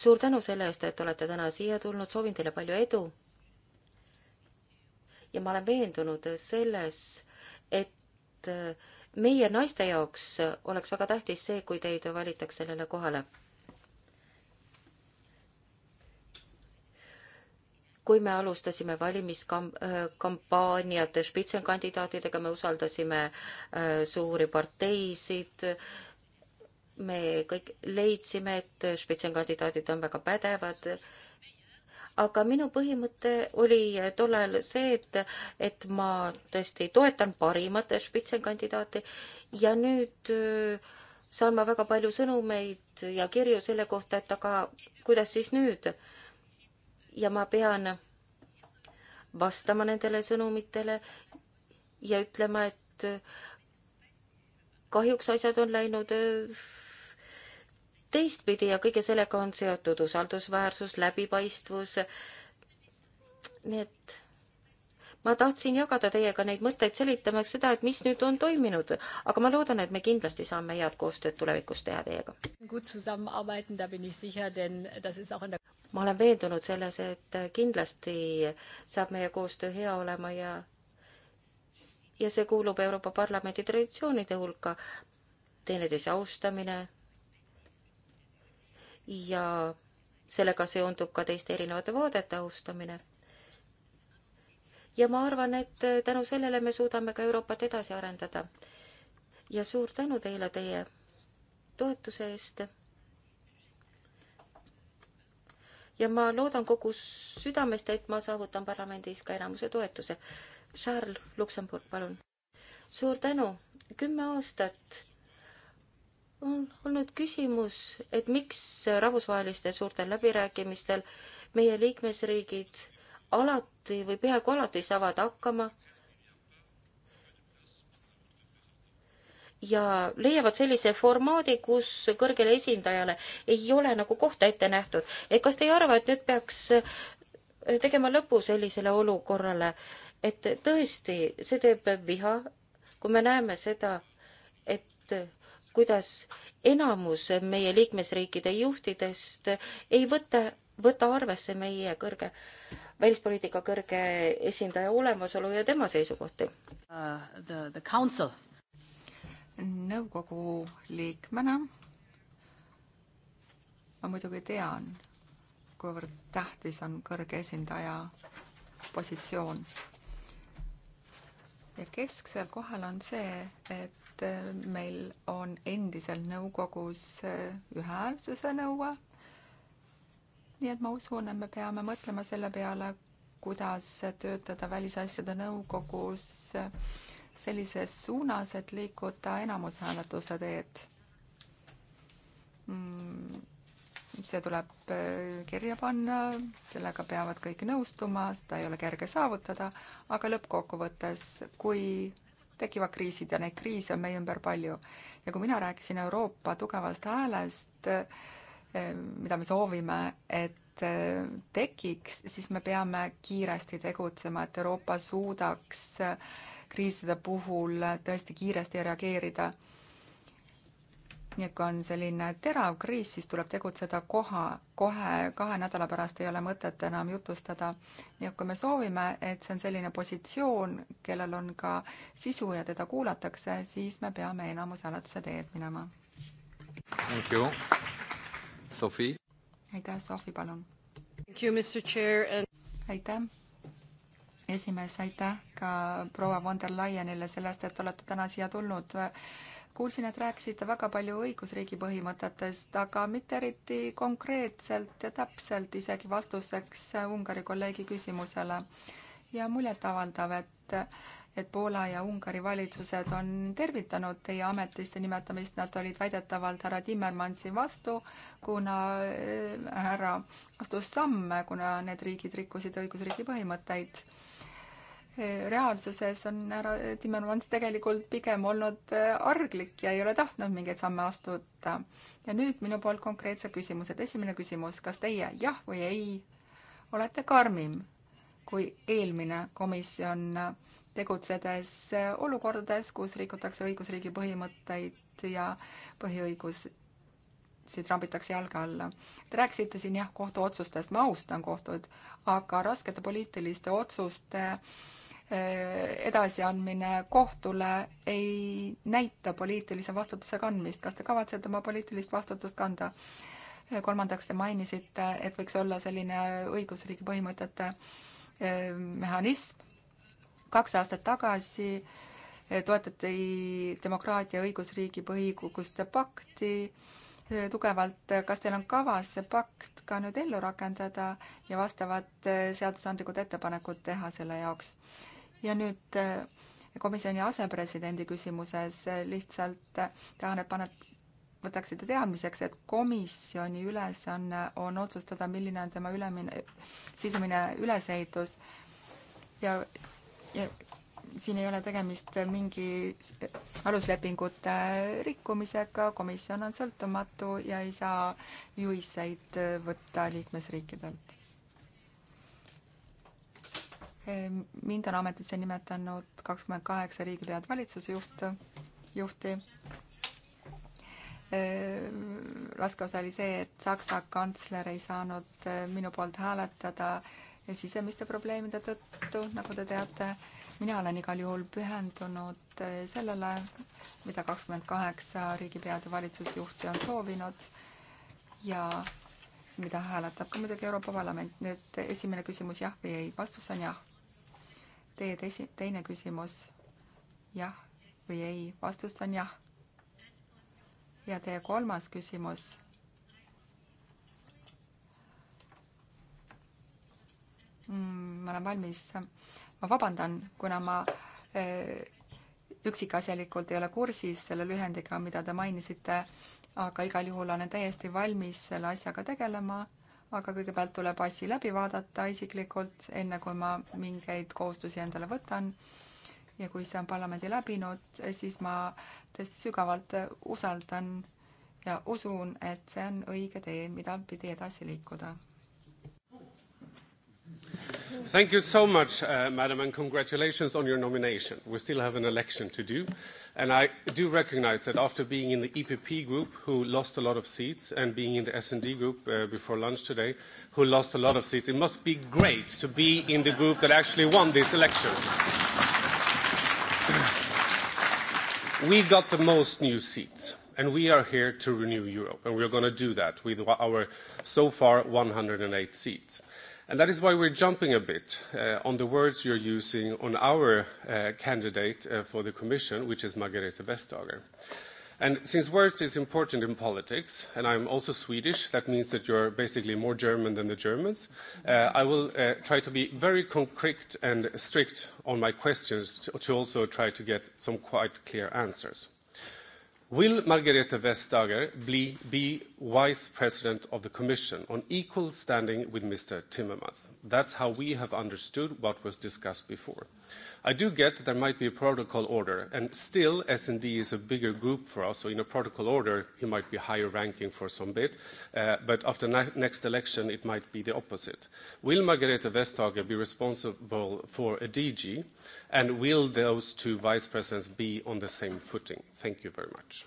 B: suur tänu selle eest, et olete täna siia tulnud, soovin teile palju edu. ja ma olen veendunud selles, et meie naiste jaoks oleks väga tähtis see, kui teid valitakse sellele kohale kui me alustasime valimiskampaaniat äh, spitsenkandidaatidega, me usaldasime äh, suuri parteisid, me kõik leidsime, et spitsenkandidaadid on väga pädevad, aga minu põhimõte oli tollal see, et, et ma tõesti toetan parimat spitsenkandidaati ja nüüd äh, saan ma väga palju sõnumeid ja kirju selle kohta, et aga kuidas siis nüüd ja ma pean vastama nendele sõnumitele ja ütlema, et kahjuks asjad on läinud äh, teistpidi ja kõige sellega on seotud usaldusväärsus, läbipaistvus, nii et ma tahtsin jagada teiega neid mõtteid, selitamaks seda, et mis nüüd on toiminud, aga ma loodan, et me kindlasti saame head koostööd tulevikus teha teiega. ma olen veendunud selles, et kindlasti saab meie koostöö hea olema ja ja see kuulub Euroopa Parlamendi traditsioonide hulka, teineteise austamine ja sellega seondub ka teiste erinevate vaadete austamine ja ma arvan, et äh, tänu sellele me suudame ka Euroopat edasi arendada. ja suur tänu teile teie toetuse eest. ja ma loodan kogu südamest, et ma saavutan parlamendis ka enamuse toetuse. Charles Luksemburg, palun. suur tänu. kümme aastat on olnud küsimus, et miks rahvusvahelistel suurtel läbirääkimistel meie liikmesriigid alati või peaaegu alati saavad hakkama ja leiavad sellise formaadi, kus kõrgele esindajale ei ole nagu kohta ette nähtud. et kas te ei arva, et nüüd peaks eh, tegema lõpu sellisele olukorrale, et tõesti, see teeb viha, kui me näeme seda, et kuidas enamus meie liikmesriikide juhtidest ei võta, võta arvesse meie kõrge välispoliitika kõrge esindaja olemasolu ja tema seisukohti uh,? nõukogu
C: liikmena ma muidugi tean, kuivõrd tähtis on kõrge esindaja positsioon. ja kesksel kohal on see, et meil on endiselt nõukogus ühehäälsuse nõue nii et ma usun, et me peame mõtlema selle peale, kuidas töötada Välisasjade Nõukogus sellises suunas, et liikuda enamushääletuse teed. Mm, see tuleb äh, kirja panna, sellega peavad kõik nõustuma, seda ei ole kerge saavutada, aga lõppkokkuvõttes, kui tekivad kriisid ja neid kriise on meie ümber palju. ja kui mina rääkisin Euroopa tugevast häälest, mida me soovime, et äh, tekiks, siis me peame kiiresti tegutsema, et Euroopa suudaks äh, kriiside puhul äh, tõesti kiiresti reageerida. nii et kui on selline terav kriis, siis tuleb tegutseda koha, kohe, kahe nädala pärast ei ole mõtet enam jutustada. nii et kui me soovime, et see on selline positsioon, kellel on ka sisu ja teda kuulatakse, siis me peame enamushääletuse teed minema.
A: Thank you. Sophie.
C: aitäh, Sophie, palun. aitäh, esimees, aitäh ka proua von der Leyenile sellest, et olete täna siia tulnud kuulsin, et rääkisite väga palju õigusriigi põhimõtetest, aga mitte eriti konkreetselt ja täpselt isegi vastuseks Ungari kolleegi küsimusele. ja muljetavaldav, et et Poola ja Ungari valitsused on tervitanud teie ametisse nimetamist, nad olid väidetavalt härra Timmermansi vastu, kuna äh, härra astus samme, kuna need riigid rikkusid õigusriigi põhimõtteid. reaalsuses on härra Timmermans tegelikult pigem olnud äh, arglik ja ei ole tahtnud mingeid samme astuda. ja nüüd minu poolt konkreetsed küsimused. esimene küsimus, kas teie jah või ei olete karmim kui eelmine komisjon tegutsedes olukordades, kus rikutakse õigusriigi põhimõtteid ja põhiõigusi trambitakse jalge alla. Te rääkisite siin jah, kohtuotsustest, ma austan kohtuid, aga raskete poliitiliste otsuste eh, edasiandmine kohtule ei näita poliitilise vastutuse kandmist. kas te kavatsete oma poliitilist vastutust kanda? Eh, kolmandaks, te mainisite, et võiks olla selline õigusriigi põhimõtete eh, mehhanism kaks aastat tagasi eh, toetati demokraatia õigusriigi põhikoguste pakti eh, tugevalt. kas teil on kavas see pakt ka nüüd ellu rakendada ja vastavad eh, seadusandlikud ettepanekud teha selle jaoks? ja nüüd komisjoni asepresidendi küsimuses lihtsalt tahan, et paned, võtaksite teadmiseks, et komisjoni ülesanne on otsustada, milline on tema ülemine, sisemine ülesehitus ja ja siin ei ole tegemist mingi aluslepingute rikkumisega, komisjon on sõltumatu ja ei saa juhiseid võtta liikmesriikidelt. mind on ametisse nimetanud kakskümmend kaheksa riigipead valitsusjuht, juhti. raske osa oli see, et Saksa kantsler ei saanud minu poolt hääletada äh, sisemiste probleemide tõttu, nagu te teate. mina olen igal juhul pühendunud eh, sellele, mida kakskümmend kaheksa riigipead ja valitsusjuhti on soovinud ja mida hääletab ka muidugi Euroopa Parlament. nüüd esimene küsimus jah või ei, vastus on jah. Teie tesi-, teine küsimus jah või ei, vastus on jah. ja teie kolmas küsimus Mm, ma olen valmis, ma vabandan, kuna ma eh, üksikasjalikult ei ole kursis selle lühendiga, mida te mainisite, aga igal juhul olen täiesti valmis selle asjaga tegelema, aga kõigepealt tuleb asi läbi vaadata isiklikult, enne kui ma mingeid kohustusi endale võtan. ja kui see on parlamendi läbinud, siis ma tõesti sügavalt usaldan ja usun, et see on õige tee, mida pidi edasi liikuda
F: Thank you so much, uh, Madam, and congratulations on your nomination. We still have an election to do. And I do recognize that after being in the EPP group, who lost a lot of seats, and being in the S&D group uh, before lunch today, who lost a lot of seats, it must be great to be in the group that actually won this election. we got the most new seats and we are here to renew Europe, and we are going to do that with our so far 108 seats. And that is why we're jumping a bit uh, on the words you're using on our uh, candidate uh, for the Commission, which is Margarete Vestager. And since words is important in politics, and I'm also Swedish, that means that you're basically more German than the Germans, uh, I will uh, try to be very concrete and strict on my questions to, to also try to get some quite clear answers. Will Margrethe Vestager be, be Vice President of the Commission on equal standing with Mr. Timmermans? That's how we have understood what was discussed before. I do get that there might be a protocol order, and still S&D is a bigger group for us, so in a protocol order, he might be higher ranking for some bit. Uh, but after next election, it might be the opposite. Will Margareta Vestager be responsible for a DG, and will those two vice presidents be on the same footing? Thank you very much.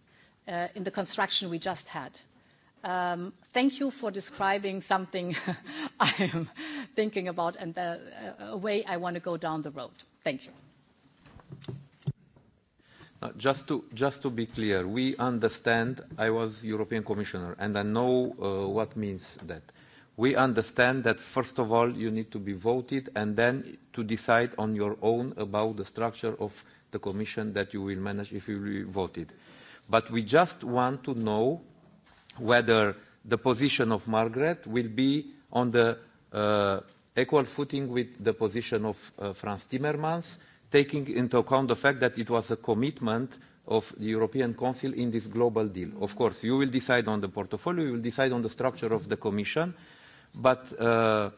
D: uh, in the construction we just had. Um, thank you for describing something I am thinking about and the, uh, a way I want to go down the road. Thank you.
A: Uh, just, to, just to be clear, we understand, I was European Commissioner, and I know uh, what means that. We understand that first of all, you need to be voted and then to decide on your own about the structure of the commission that you will manage if you will be voted. Uh, but we just want to know whether the position of Margaret will be on the uh, equal footing with the position of uh, Franz Timmermans, taking into account the fact that it was a commitment of the European Council in this global deal. Of course, you will decide on the portfolio, you will decide on the structure of the Commission, but uh,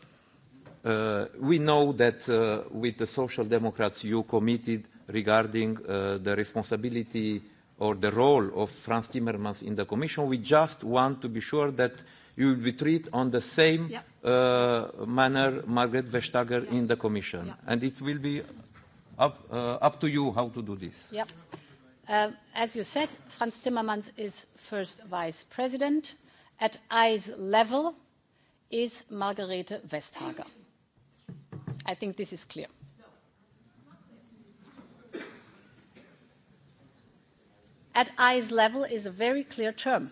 A: uh, we know that uh, with the Social Democrats you committed regarding uh, the responsibility uh, or the role of Frans Timmermans in the Commission. We just want to be sure that you will be treated on the same yeah. uh, manner Margaret Vestager yeah. in the Commission. Yeah. And it will be up, uh, up to you how to do this.
D: Yeah. Uh, as you said, Frans Timmermans is first vice president. At eyes level is Margarete Vestager. I think this is clear. at eyes level is a very clear term.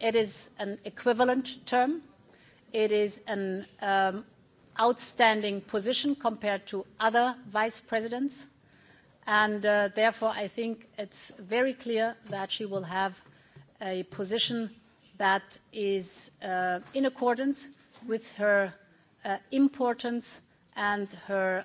D: It is an equivalent term. It is an um, outstanding position compared to other vice presidents. And uh, therefore, I think it's very clear that she will have a position that is uh, in accordance with her uh, importance and her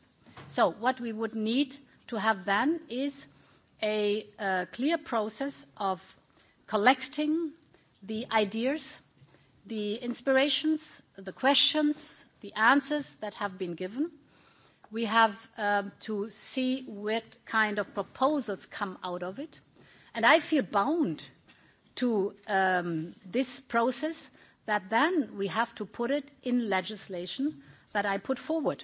D: So what we would need to have then is a uh, clear process of collecting the ideas, the inspirations, the questions, the answers that have been given. We have um, to see what kind of proposals come out of it. And I feel bound to um, this process that then we have to put it in legislation that I put forward.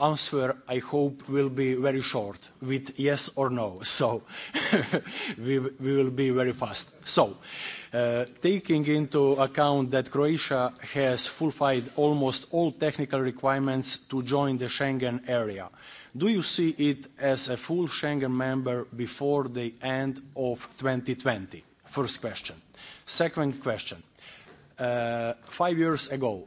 H: answer, I hope, will be very short with yes or no. So we, we will be very fast. So uh, taking into account that Croatia has fulfilled almost all technical requirements to join the Schengen area, do you see it as a full Schengen member before the end of 2020? First question. Second question. Uh, five years ago,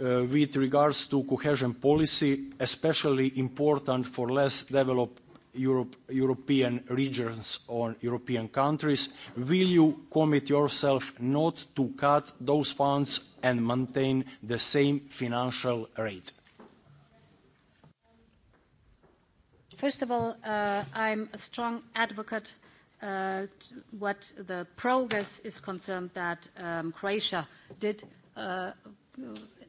H: uh, with regards to cohesion policy, especially important for less developed Europe, European regions or European countries, will you commit yourself not to cut those funds and maintain the same financial rate?
D: First of all, uh, I'm a strong advocate uh, what the progress is concerned that um, Croatia did uh,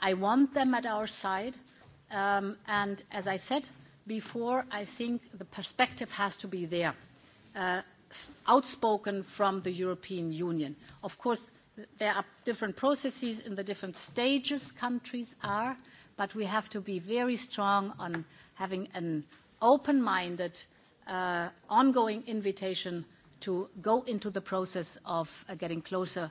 D: I want them at our side. Um, and as I said before, I think the perspective has to be there, uh, outspoken from the European Union. Of course, there are different processes in the different stages countries are, but we have to be very strong on having an open-minded, uh, ongoing invitation to go into the process of uh, getting closer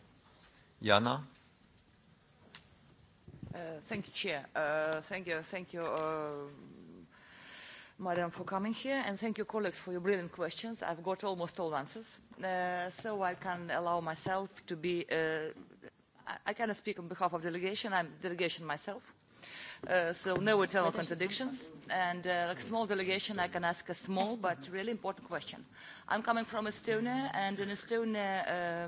A: Jana?
I: Uh, thank you, Chair. Uh, thank you, thank you, uh, Madam, for coming here, and thank you, colleagues, for your brilliant questions. I've got almost all answers, uh, so I can allow myself to be. Uh, I, I cannot speak on behalf of delegation. I'm delegation myself. Uh, so no eternal contradictions. And uh, like small delegation, I can ask a small but really important question. I'm coming from Estonia, and in Estonia, uh,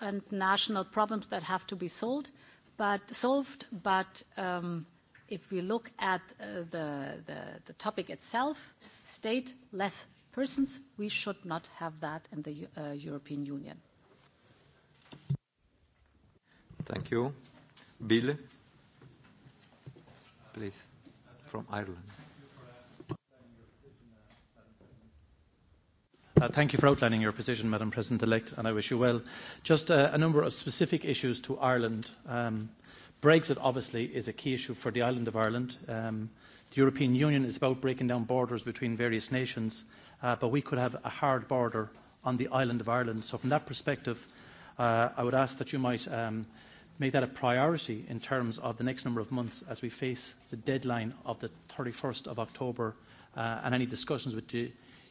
D: and national problems that have to be solved, but solved. But um, if we look at uh, the, the, the topic itself, state less persons, we should not have that in the uh, European Union.
A: Thank you. Bill, please, from Ireland.
J: Uh, thank you for outlining your position, Madam President-elect, and I wish you well. Just uh, a number of specific issues to Ireland. Um, Brexit, obviously, is a key issue for the island of Ireland. Um, the European Union is about breaking down borders between various nations, uh, but we could have a hard border on the island of Ireland. So from that perspective, uh, I would ask that you might um, make that a priority in terms of the next number of months as we face the deadline of the 31st of October uh, and any discussions with the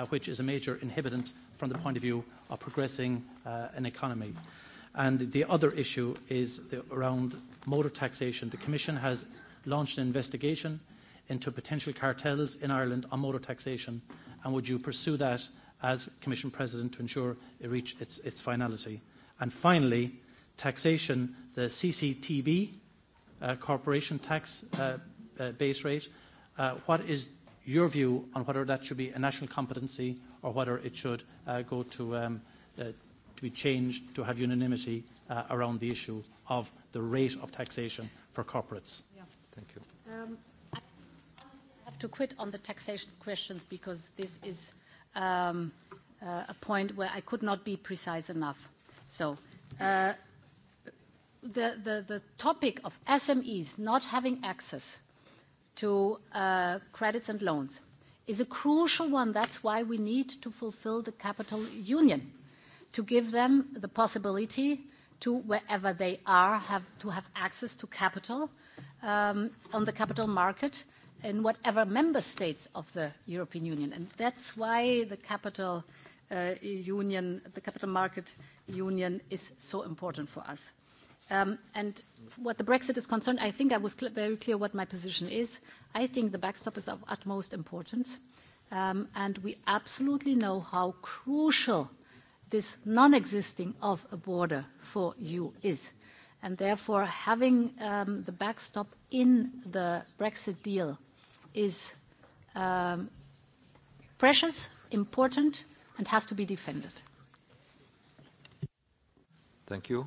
J: Uh, which is a major inhibitor from the point of view of progressing uh, an economy. And the other issue is the, around motor taxation. The Commission has launched an investigation into potential cartels in Ireland on motor taxation, and would you pursue that as Commission President to ensure it reach its, its finality? And finally, taxation, the CCTB uh, corporation tax uh, uh, base rate. Uh, what is your view on whether that should be a national competency or whether it should uh, go to, um, uh, to be changed to have unanimity uh, around the issue of the rate of taxation for corporates. Yeah. Thank you.
D: Um, I have to quit on the taxation questions because this is um, uh, a point where I could not be precise enough. So uh, the, the, the topic of SMEs not having access – to uh, credits and loans is a crucial one. That's why we need to fulfill the capital union, to give them the possibility to, wherever they are, have, to have access to capital um, on the capital market in whatever member states of the European Union. And that's why the capital uh, union, the capital market union is so important for us. Um, and what the Brexit is concerned, I think I was cl- very clear what my position is. I think the backstop is of utmost importance, um, and we absolutely know how crucial this non-existing of a border for you is. And therefore, having um, the backstop in the Brexit deal is um, precious, important, and has to be defended.
K: Thank you.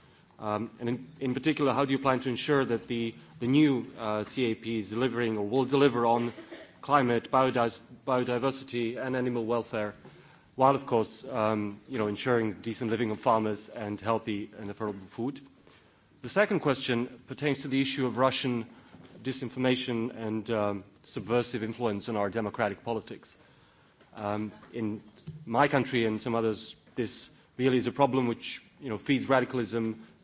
K: Um, and in, in particular, how do you plan to ensure that the, the new uh, CAP is delivering or will deliver on climate, biodiversity, and animal welfare, while, of course, um, you know, ensuring decent living of farmers and healthy and affordable food? The second question pertains to the issue of Russian disinformation and um, subversive influence on our democratic politics. Um, in my country and some others, this really is a problem which you know, feeds radicalism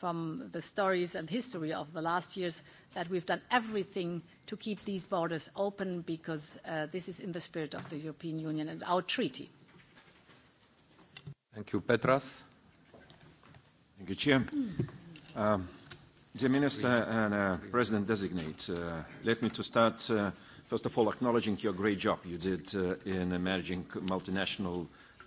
D: from the stories and history of the last years that we've done everything to keep these borders open because uh, this is in the spirit of the European Union and our treaty.
G: Thank you. Petras? Thank you, Chair. Mm. Um, Dear Minister and uh, President-designate, uh, let me to start, uh, first of all, acknowledging your great job you did uh, in managing multinational uh,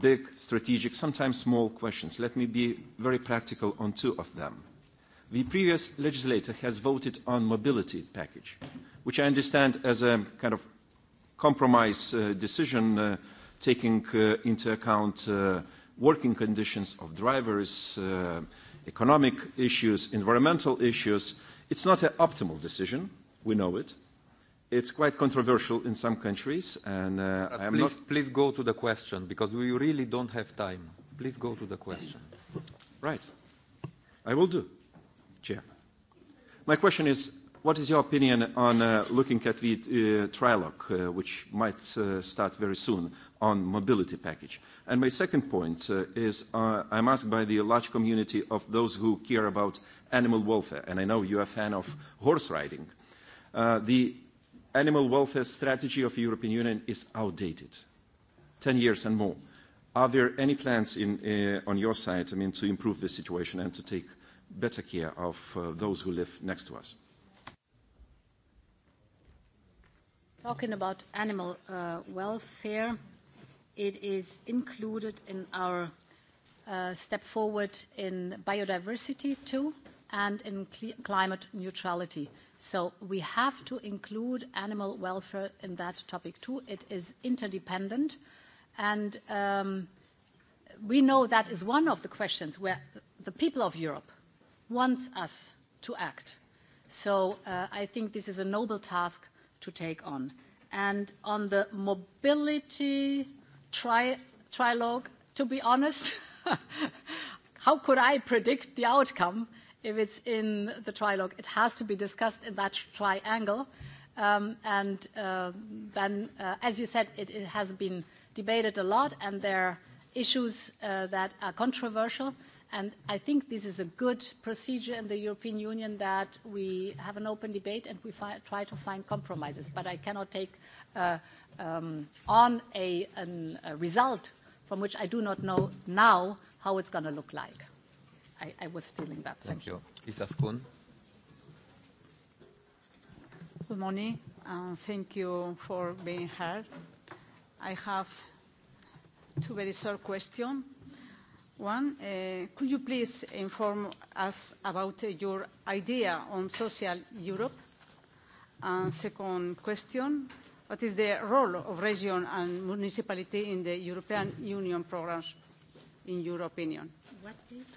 G: big, strategic, sometimes small questions. Let me be very practical on two of them. The previous legislator has voted on mobility package, which I understand as a kind of compromise uh, decision uh, taking uh, into account uh, working conditions of drivers, uh, economic issues, environmental issues. It's not an optimal decision, we know it, it's quite controversial in some countries, and uh, I am please, not...
A: Please go to the question, because we really don't have time. Please go to the question.
G: Right. I will do, Chair. My question is, what is your opinion on uh, looking at the uh, trilogue, uh, which might uh, start very soon, on mobility package? And my second point uh, is, uh, I'm asked by the large community of those who care about animal welfare, and I know you're a fan of horse riding. Uh, the animal welfare strategy of the European Union is outdated, 10 years and more. Are there any plans in, uh, on your side, I mean, to improve the situation and to take better care of uh, those who live next to us?
D: Talking about animal uh, welfare, it is included in our uh, step forward in biodiversity too and in cl climate neutrality. Uh, So we have to include animal welfare in that topic too. It is interdependent. And um, we know that is one of the questions where the people of Europe wants us to act. So uh, I think this is a noble task to take on. And on the mobility tri trilogue, to be honest, how could I predict the outcome? Uh, if it's in the trilogue, it has to be discussed in that triangle. Um, and uh, then, uh, as you said, it, it has been debated a lot, and there are issues uh, that are controversial. And I think this is a good procedure in the European Union that we have an open debate and we fi- try to find compromises. But I cannot take uh, um, on a, an, a result from which I do not know now how it's going to look like. I, I was stealing that. Thank, Thank you. Lisa Schoon. Good morning. Uh, thank you for being here. I have two very short questions. One, uh, could you please inform us about uh, your idea on social Europe? And second question, what is the role of region and municipality in the European Union programs, in your opinion? What, please?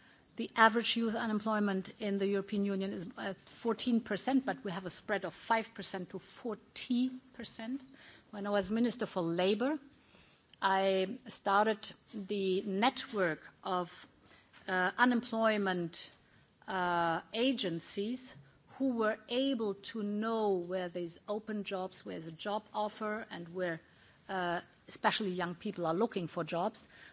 D: The average youth unemployment in the European Union is at 14%, but we have a spread of 5% to 40%. When I was Minister for Labour, I started the network of uh, unemployment uh, agencies who were able to know where there's open jobs, where's a job offer, and where uh, especially young people are looking for jobs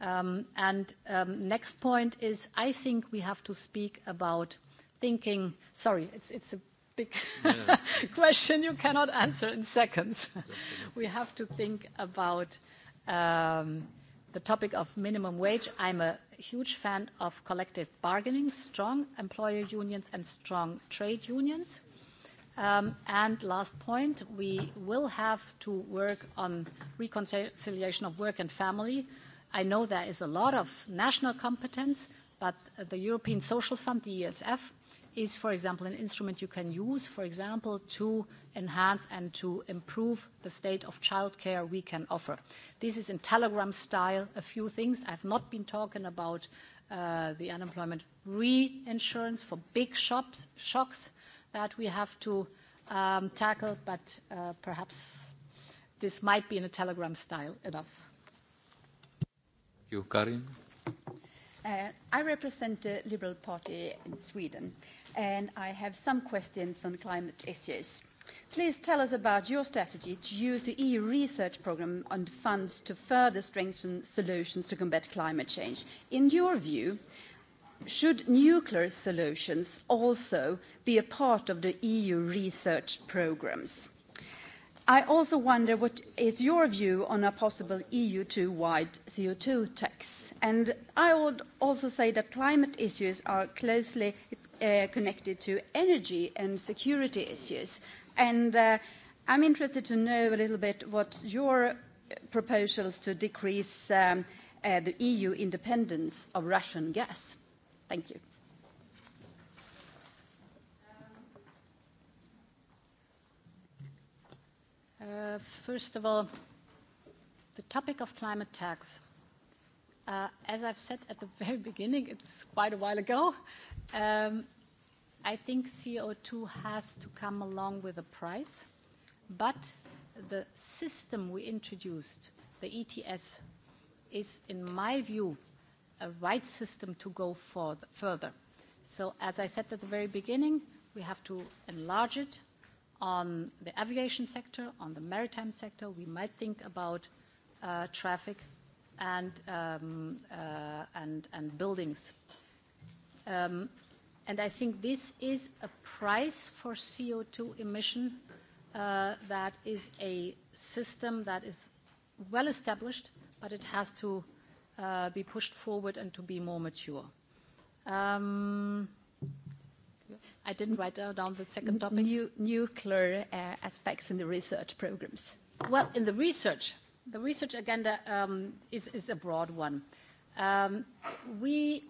D: Um, and um, next point is, I think we have to speak about thinking. Sorry, it's, it's a big yeah. question you cannot answer in seconds. we have to think about um, the topic of minimum wage. I'm a huge fan of collective bargaining, strong employer unions and strong trade unions. Um, and last point, we will have to work on reconciliation of work and family I know there is a lot of national competence, but the European Social Fund, the ESF, is, for example, an instrument you can use, for example, to enhance and to improve the state of childcare we can offer. This is in telegram style, a few things. I've not been talking about uh, the unemployment reinsurance for big shops, shocks that we have to um, tackle, but uh, perhaps this might be in a telegram style enough you, Karin. Uh, I represent the Liberal Party in Sweden, and I have some questions on climate issues. Please tell us about your strategy to use the EU research programme on funds to further strengthen solutions to combat climate change. In your view, should nuclear solutions also be a part of the EU research programmes? I also wonder what is your view on a possible EU-wide CO2 tax? And I would also say that climate issues are closely uh, connected to energy and security issues. And uh, I'm interested to know a little bit what your proposals to decrease um, uh, the EU independence of Russian gas. Thank you. Uh, first of all, the topic of climate tax. Uh, as I've said at the very beginning, it's quite a while ago. Um, I think CO2 has to come along with a price, but the system we introduced, the ETS, is, in my view, a right system to go for further. So as I said at the very beginning, we have to enlarge it, on the aviation sector, on the maritime sector. We might think about uh, traffic and, um, uh, and, and buildings. Um, and I think this is a price for CO2 emission uh, that is a system that is well established, but it has to uh, be pushed forward and to be more mature. Um, I didn't write down the second topic. New, nuclear uh, aspects in the research programs. Well, in the research, the research agenda um, is, is a broad one. Um, we,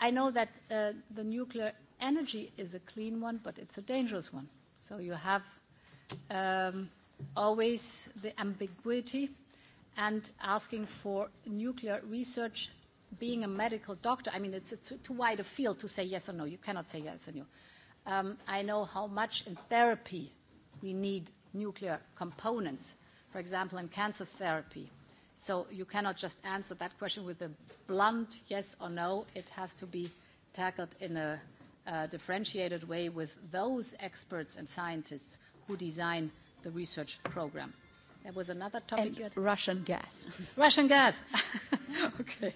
D: I know that uh, the nuclear energy is a clean one, but it's a dangerous one. So you have um, always the ambiguity and asking for nuclear research being a medical doctor, I mean, it's, it's too wide a field to say yes or no. You cannot say yes or no. Um, I know how much in therapy we need nuclear components, for example, in cancer therapy. So you cannot just answer that question with a blunt yes or no. It has to be tackled in a uh, differentiated way with those experts and scientists who design the research program. There was another topic and you had? Russian gas. Russian gas. okay.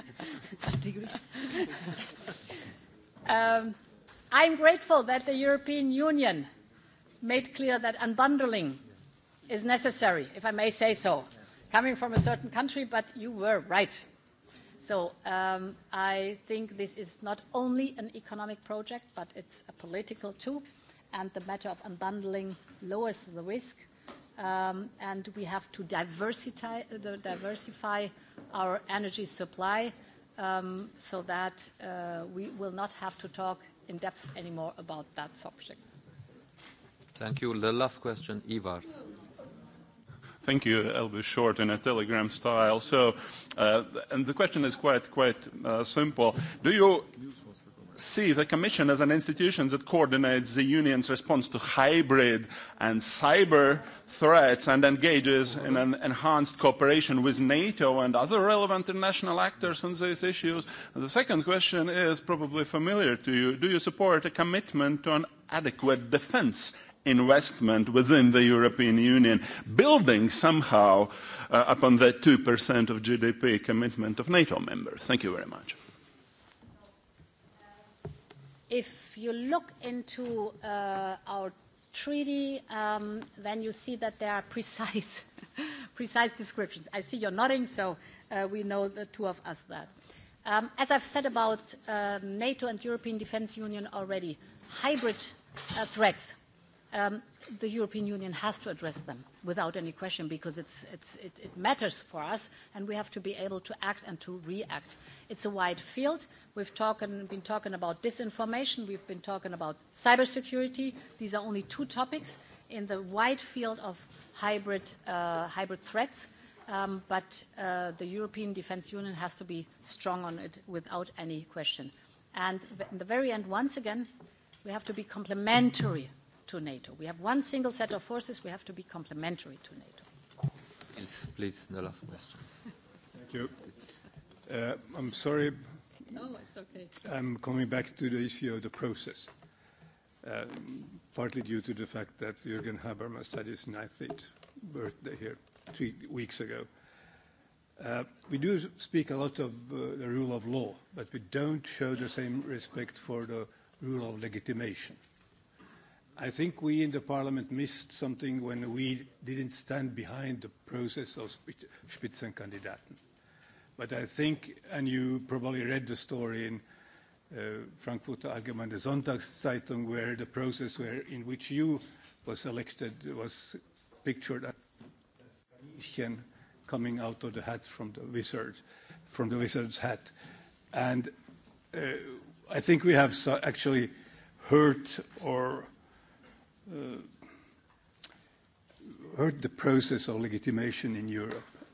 D: Two degrees. um, I'm grateful that the European Union made clear that unbundling is necessary, if I may say so, coming from a certain country, but you were right. So um, I think this is not only an economic project, but it's a political too. And the matter of unbundling lowers the risk. Um, and we have to diversify, uh, diversify our energy supply um, so that uh, we will not have to talk in depth anymore about that subject.
A: Thank you. The last question, Ivars. Thank you. I'll be short in a telegram
L: style. So, uh, and the question is quite, quite uh, simple. Do you see the Commission as an institution that coordinates the Union's response to hybrid and cyber threats and engages in an enhanced cooperation with NATO and other relevant international actors on these issues. And the second question is probably familiar to you. Do you support a commitment to an adequate defense investment within the European Union, building somehow uh, upon the 2% of GDP commitment of NATO members? Thank you very much
D: if you look into uh, our treaty, um, then you see that there are precise, precise descriptions. I see you're nodding, so uh, we know, the two of us, that. Um, as I've said about uh, NATO and European Defence Union already, hybrid uh, threats, um, the European Union has to address them without any question because it's, it's, it, it matters for us and we have to be able to act and to react. It's a wide field. Uh, We've talking, been talking about disinformation. We've been talking about cybersecurity. These are only two topics in the wide field of hybrid, uh, hybrid threats. Um, but uh, the European Defence Union has to be strong on it without any question. And in the very end, once again, we have to be complementary to NATO. We have one single set of forces. We have to be complementary to NATO.
A: Yes, please, the last question.
L: Thank you. Uh, I'm sorry, No, oh, it's okay. I'm coming back to the issue of the process, um, partly due to the fact that Jürgen Habermas had his 90th birthday here three weeks ago. Uh, we do speak a lot of uh, the rule of law, but we don't show the same respect for the rule of legitimation. I think we in the parliament missed something when we didn't stand behind the process of Spitzenkandidaten. But I think, and you probably read the story in uh, Frankfurter Allgemeine Sonntagszeitung, where the process where, in which you was elected was pictured as Kaninchen coming out of the hat from the wizard, from the wizard's hat. And uh, I think we have so actually hurt or uh, hurt the process of legitimation in Europe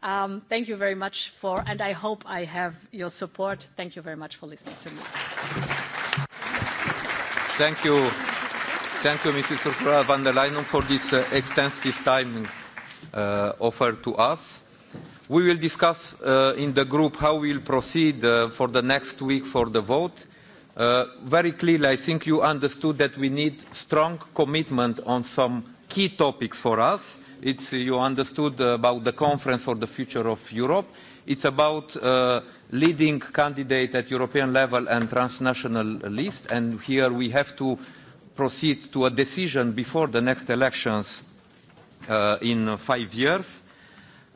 D: Um, thank you very much for, and I hope I have your support. Thank you very much for listening to me.
A: Thank you. Thank you, Mrs. Ursula von der Leyen, for this uh, extensive time uh, offered to us. We will discuss uh, in the group how we will proceed uh, for the next week for the vote. Uh, very clearly, I think you understood that we need strong commitment on some key topics for us It's, uh, you understood uh, about the Conference for the Future of Europe. It's about uh, leading candidate at European level and transnational list. And here we have to proceed to a decision before the next elections uh, in five years.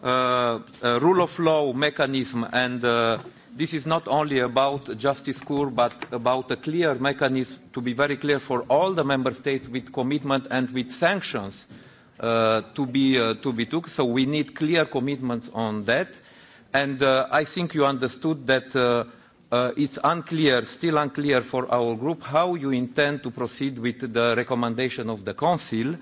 A: Uh, uh, rule of law mechanism and uh, this is not only about justice core but about a clear mechanism to be very clear for all the member states with commitment and with sanctions uh, uh, to, be, uh, to be took. So we need clear commitments on that. And uh, I think you understood that uh, uh, it's unclear, still unclear for our group, how you intend to proceed with the recommendation of the Council,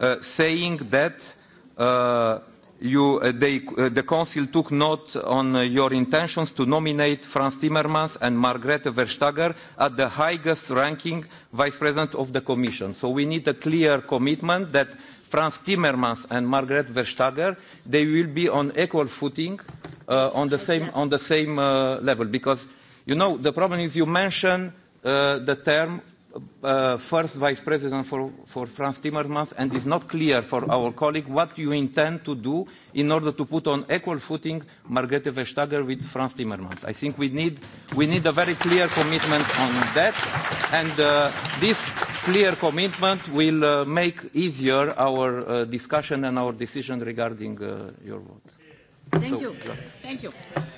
A: uh, saying that uh, you, uh, they, uh, the Council took note on uh, your intentions to nominate Franz Timmermans and Margrethe Vestager at the highest ranking Vice President of the Commission. So we need a clear commitment that Franz Timmermans and Margaret Vestager, they will be on equal footing uh, on the same, on the same uh, level. Because, you know, the problem is you mention uh, the term uh, first Vice President for, for Franz Timmermans, and it's not clear for our colleague what you intend to do in order to put on equal footing Margrethe Vestager with Franz Timmermans. I think we need, we need a very clear commitment on that, and uh, this clear commitment will uh, make easier our uh, discussion and our decision regarding uh, your vote. Thank so, you. Just.
D: Thank you.